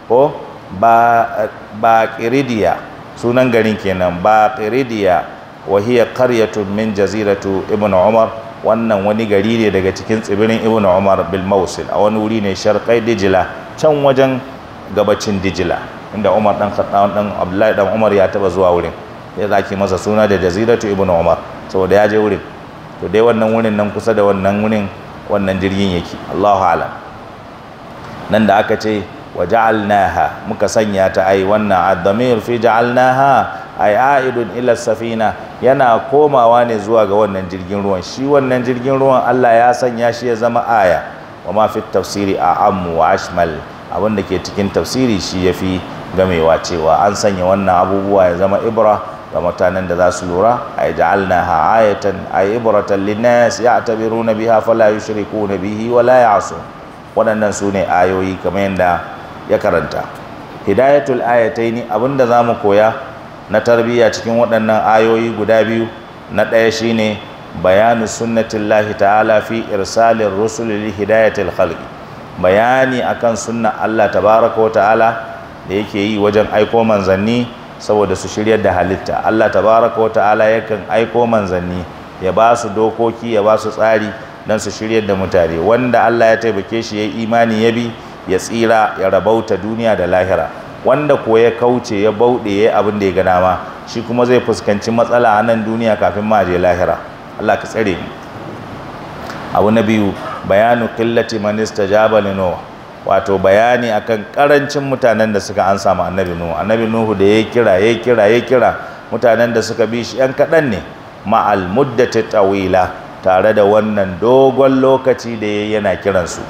ko sunan garin kenan baƙiridiya wa karya qaryatun min jaziratu ibn umar wannan wani gari ne daga cikin tsibirin ibn umar bil mausil a wani wuri ne sharqai dijila can wajen gabacin dijila inda umar dan khattab dan abdullahi dan umar ya taba zuwa wurin ya zaki masa suna da jaziratu ibn umar saboda ya je wurin to dai wannan wurin nan kusa da wannan wurin wannan jirgin yake Allahu alam nan da aka ce wa ja'alnaha muka sanya ta ai wannan ad-damir fi ja'alnaha ay aidun ila safina yana komawa ne zuwa ga wannan jirgin ruwan shi wannan jirgin ruwan Allah ya sanya shi ya zama aya wa ma fi tafsiri a ammu wa ashmal abin da ke cikin tafsiri shi ya fi gamewa cewa an sanya wannan abubuwa ya zama ibra ga mutanen da za su lura ay ja'alnaha ayatan ay ibratan linnas ya'tabiruna biha fala na bihi wa la ya'sun waɗannan su ne ayoyi kamar yadda ya karanta hidayatul ayatai da abinda mu koya na tarbiyya cikin waɗannan ayoyi guda biyu na ɗaya shine sunnatin lahi ta'ala fi irsalin rusul li hidayatil khalqi bayani akan sunna Allah tabaraka wa ta'ala da yake yi wajen aiko manzanni saboda su shiryar da halitta Allah tabaraka wa ta'ala yakan aiko manzanni ya ba su dokoki ya ba su tsari don su shiryar da mutane wanda Allah ya taimake shi ya imani ya bi ya tsira ya rabauta duniya da lahira wanda ko ya kauce ya bauɗe ya abin da ya ga dama shi kuma zai fuskanci matsala a nan duniya kafin ma je lahira Allah ka tsare abu na biyu bayanu qillati man istajaba li wato bayani akan karancin mutanen da suka ansa ma annabi nuhu annabi nuhu da ya kira ya kira ya kira mutanen da suka bi shi yan kaɗan ne ma'al muddati tawila tare da wannan dogon lokaci da yana kiransu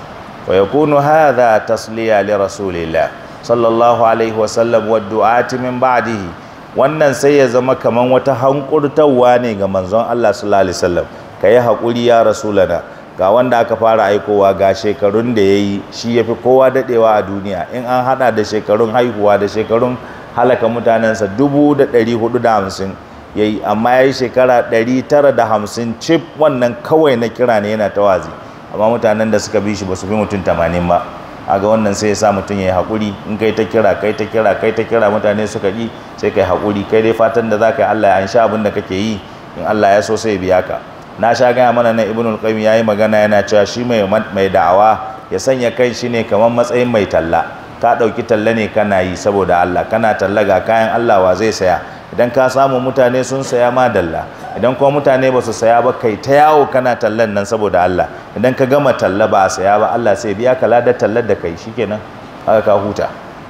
wa yakunu hadha tasliya li rasulillah sallallahu alaihi wasallam wa du'ati min ba'dihi wannan sai ya zama kaman wata hankurtawa ne ga manzon Allah sallallahu alaihi wasallam kai hakuri ya rasulana ga wanda aka fara aikowa ga shekarun da yayi shi yafi kowa dadewa a duniya in an hada da shekarun haihuwa da shekarun halaka mutanensa 450 yayi amma yayi shekara tara da hamsin cif wannan kawai na kira ne yana tawazi amma mutanen da suka bi shi ba su fi mutum tamanin ba a ga wannan sai ya sa mutum ya yi haƙuri in kai ta kira kai ta kira kai ta kira mutane suka ji sai kai haƙuri kai dai fatan da za ka yi Allah ya an sha abin da kake yi in Allah ya so sai biya ka na sha gaya mana nan ibnul qayyim yi magana yana cewa shi mai mai da'awa ya sanya kai shi ne kamar matsayin mai talla ka ɗauki talla ne kana yi saboda Allah kana talla ga kayan Allah wa zai saya idan ka samu mutane sun saya ma dalla idan kuma mutane ba su saya ba kai ta yawo kana tallan nan saboda Allah idan ka gama talla ba a saya ba Allah sai biya ka ladar tallar da kai shikenan haka ka huta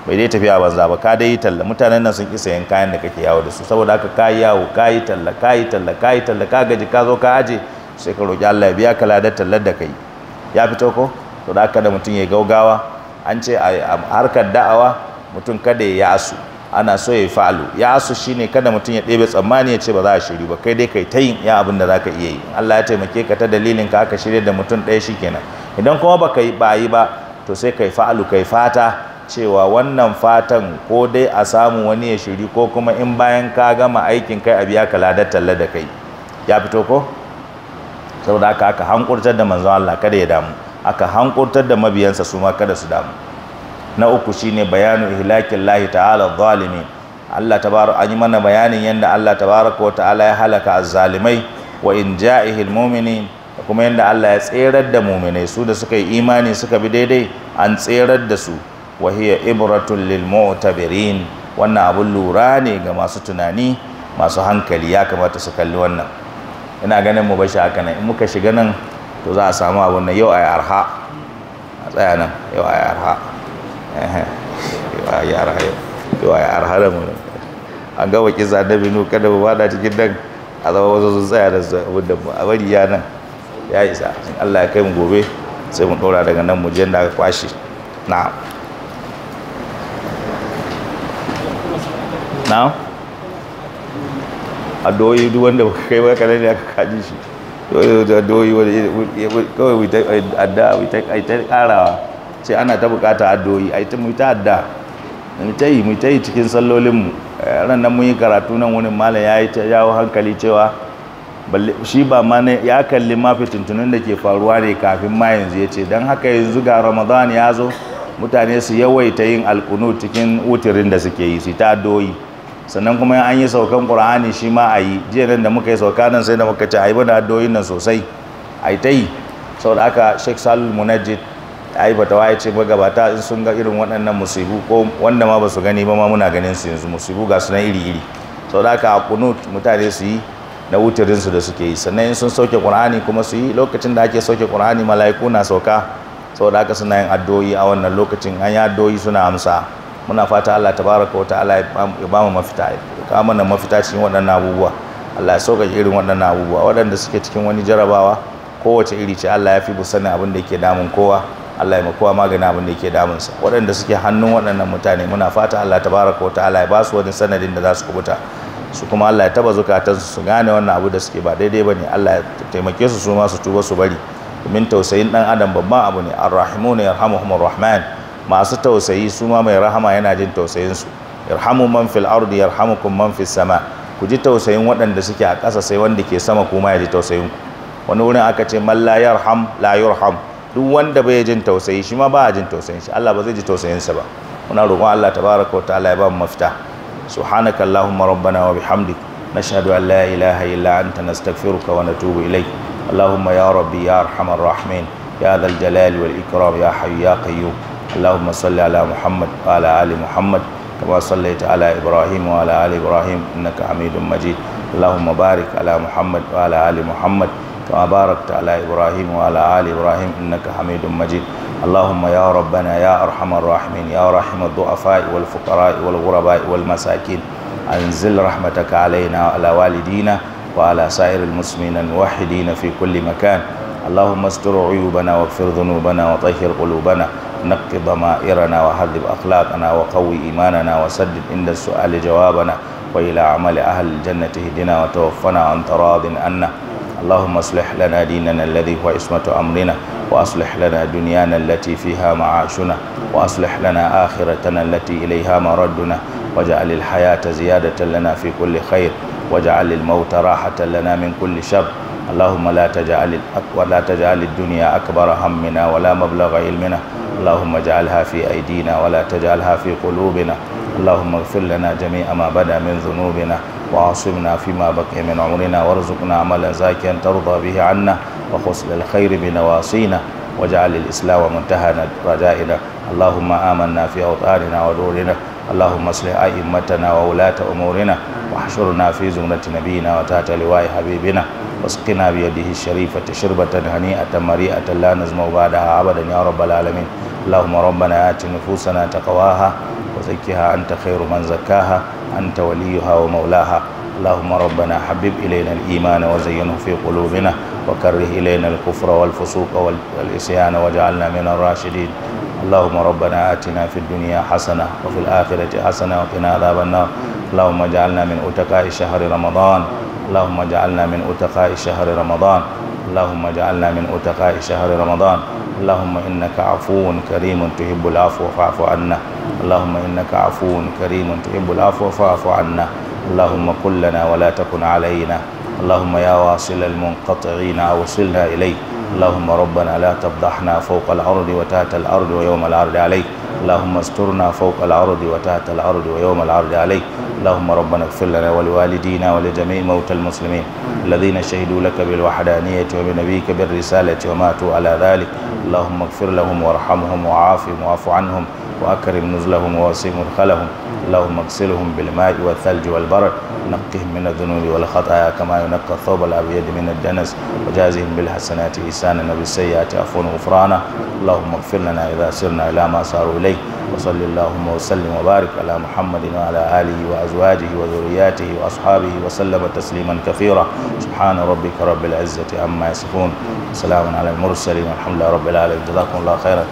bai dai tafiya banza ba ka dai talla mutanen nan sun ki sayan kayan da kake yawo da su saboda haka ka yawo ka yi talla ka yi talla ka yi talla ka gaji ka zo ka aje sai ka roki Allah ya biya ka ladar tallar da kai ya fito ko to da haka da mutum ya gaugawa an ce a harkar da'awa mutum kada ya yasu ana so ya yi fa'alu ya asu shine kada mutum ya ɗebe tsammani ya ce ba za a shiri ba kai dai kai ta yin ya abin da zaka iya yi Allah ya taimake ka ta dalilin ka aka shirya da mutum ɗaya shi kenan idan kuma baka yi ba yi ba to sai kai fa'alu kai fata cewa wannan fatan ko dai a samu wani ya shiri ko kuma in bayan ka gama aikin kai a biya ka ladar talla da kai ya fito ko saboda aka hankurtar da manzon Allah kada ya damu aka hankurtar da mabiyansa su ma kada su damu na uku shine bayanu ihlakin lahi ta'ala zalimi Allah tabaraka an yi mana bayanin yanda Allah tabaraka wa ta'ala ya halaka azzalimai wa in ja'ihil mu'minin kuma yadda Allah ya tserar da mu'minai su da suka yi imani suka bi daidai an tserar da su wa hiya ibratul lil mu'tabirin wannan abun lura ne ga masu tunani masu hankali ya kamata su kalli wannan ina ganin mu bashi haka nan in muka shiga nan to za a samu abun nan yau a arha a tsaya nan yau a arha yara yau a arha da mu an gama kisa na binu kada mu da cikin nan a zama wasu sun tsaya da abin da mu a bari ya nan ya isa in Allah ya kai mu gobe sai mu ɗora daga nan mu je da aka kwashe na na a addu'o'i duk wanda baka kai ba kana ne aka kaji shi addu'o'i wanda kawai addu'a ta karawa ce ana ta bukata addoyi ai ta mu ta adda mu ta yi mu ta yi cikin sallolinmu eh, ran nan mun yi karatu nan wurin malam ya yi ta jawo hankali cewa shi ba ma ne ya kalli mafi fitintunun da ke faruwa ne kafin ma yanzu ya ce don haka yanzu ga ramadan ya zo mutane su yawaita yin alkunu cikin wutirin da suke yi su ta addoyi sannan kuma an yi saukan qur'ani shi ma a yi jiya nan da muka yi sauka nan sai da muka ci a yi bada addoyin nan sosai a yi ta yi saboda aka sheikh salul munajid ai batawa ya ce magabata in sun ga irin waɗannan musibu ko wanda ma ba su gani ba ma muna ganin su yanzu musibu ga su na iri-iri sau da aka kunut mutane su yi na wutarinsu da suke yi sannan in sun sauke ƙur'ani kuma su yi lokacin da ake sauke ƙur'ani mala'iku na sauka sau da aka suna yin addu'o'i a wannan lokacin an yi addu'o'i suna amsa muna fata Allah tabaraka wa ta'ala ya ba mu mafita ya kawo mana mafita cikin waɗannan abubuwa Allah ya sauka irin waɗannan abubuwa waɗanda suke cikin wani jarabawa kowace iri ce Allah ya fi bu sanin abin da yake damun kowa Allah ya ma kowa magani abin da yake damunsa waɗanda suke hannun waɗannan mutane muna fata Allah tabaraka wa ta'ala ya ba su wani sanadin da za su kubuta su kuma Allah ya taba zukatansu su gane wannan abu da suke ba daidai bane Allah ya taimake su su ma su tuba su bari domin tausayin dan adam babban abu ne arrahimuna yarhamuhumur rahman masu tausayi su ma mai rahama yana jin tausayin su irhamu man fil ardi yarhamukum man fis sama ku ji tausayin waɗanda suke a ƙasa sai wanda ke sama kuma ya ji tausayin ku wani wurin aka ce man la yarham la yurham duk wanda bai jin tausayi shi ma ba a jin tausayin shi Allah ba zai ji tausayinsa ba muna roƙon Allah tabaraka wa ta'ala ya ba mu mafita subhanaka allahumma rabbana wa bihamdik nashhadu an la ilaha illa anta nastaghfiruka wa natubu ilayk allahumma ya rabbi ya arhamar rahimin ya dhal jalali wal ikram ya hayyu ya qayyum اللهم صل Muhammad. محمد وعلى ال محمد كما صليت على ابراهيم وعلى ال ابراهيم انك حميد مجيد اللهم بارك على محمد وعلى ال محمد كما باركت على إبراهيم وعلى آل إبراهيم إنك حميد مجيد اللهم يا ربنا يا أرحم الراحمين يا رحم الضعفاء والفقراء والغرباء والمساكين أنزل رحمتك علينا وعلى والدينا وعلى سائر المسلمين الموحدين في كل مكان اللهم استر عيوبنا واغفر ذنوبنا وطهر قلوبنا نق ضمائرنا وهذب أخلاقنا وقوي إيماننا وسدد عند السؤال جوابنا وإلى عمل أهل الجنة اهدنا وتوفنا عن تراض أنه اللهم اصلح لنا ديننا الذي هو عصمة أمرنا وأصلح لنا دنيانا التي فيها معاشنا وأصلح لنا آخرتنا التي إليها مردنا واجعل الحياة زيادة لنا في كل خير واجعل الموت راحة لنا من كل شر اللهم لا تجعل ولا تجعل الدنيا أكبر همنا ولا مبلغ علمنا اللهم اجعلها في أيدينا ولا تجعلها في قلوبنا اللهم اغفر لنا جميع ما بدا من ذنوبنا وعاصمنا فيما بقي من عمرنا وارزقنا عملا زاكيا ترضى به عنا وخصل الخير بنواصينا واجعل الإسلام منتهى رجائنا اللهم آمنا في أوطاننا ودورنا اللهم اصلح أئمتنا وولاة أمورنا واحشرنا في زمرة نبينا وتحت لواء حبيبنا واسقنا بيده الشريفة شربة هنيئة مريئة لا نزمع بعدها أبدا يا رب العالمين اللهم ربنا آت نفوسنا تقواها زكها أنت خير من زكاها أنت وليها ومولاها اللهم ربنا حبب إلينا الإيمان وزينه في قلوبنا وكره إلينا الكفر والفسوق والإسيان واجعلنا من الراشدين اللهم ربنا آتنا في الدنيا حسنة وفي الآخرة حسنة وقنا عذاب النار اللهم اجعلنا من أتقاء شهر رمضان اللهم اجعلنا من أتقاء شهر رمضان اللهم اجعلنا من أتقاء شهر رمضان اللهم إنك عفو كريم تحب العفو فاعف عنا اللهم إنك عفو كريم تحب العفو فاعف عنا اللهم قل لنا ولا تكن علينا اللهم يا واصل المنقطعين أوصلنا إليك اللهم ربنا لا تفضحنا فوق الأرض وتحت الأرض ويوم العرض عليك اللهم استرنا فوق الارض وتحت الارض ويوم العرض عليك اللهم ربنا اغفر لنا ولوالدينا ولجميع موتى المسلمين الذين شهدوا لك بالوحدانية وبنبيك بالرسالة وماتوا على ذلك اللهم اغفر لهم وارحمهم وعافهم واعف عنهم وأكرم نزلهم ووسيم مدخلهم اللهم اغسلهم بالماء والثلج والبرد نقهم من الذنوب والخطايا كما ينقى الثوب الأبيض من الدنس وجازهم بالحسنات إحسانا وبالسيئات عفوا غفرانا اللهم اغفر لنا إذا سرنا إلى ما صاروا إليه وصل اللهم وسلم وبارك على محمد وعلى آله وأزواجه وذرياته وأصحابه وسلم تسليما كثيرا سبحان ربك رب العزة عما يصفون سلام على المرسلين والحمد لله رب العالمين جزاكم الله خيرا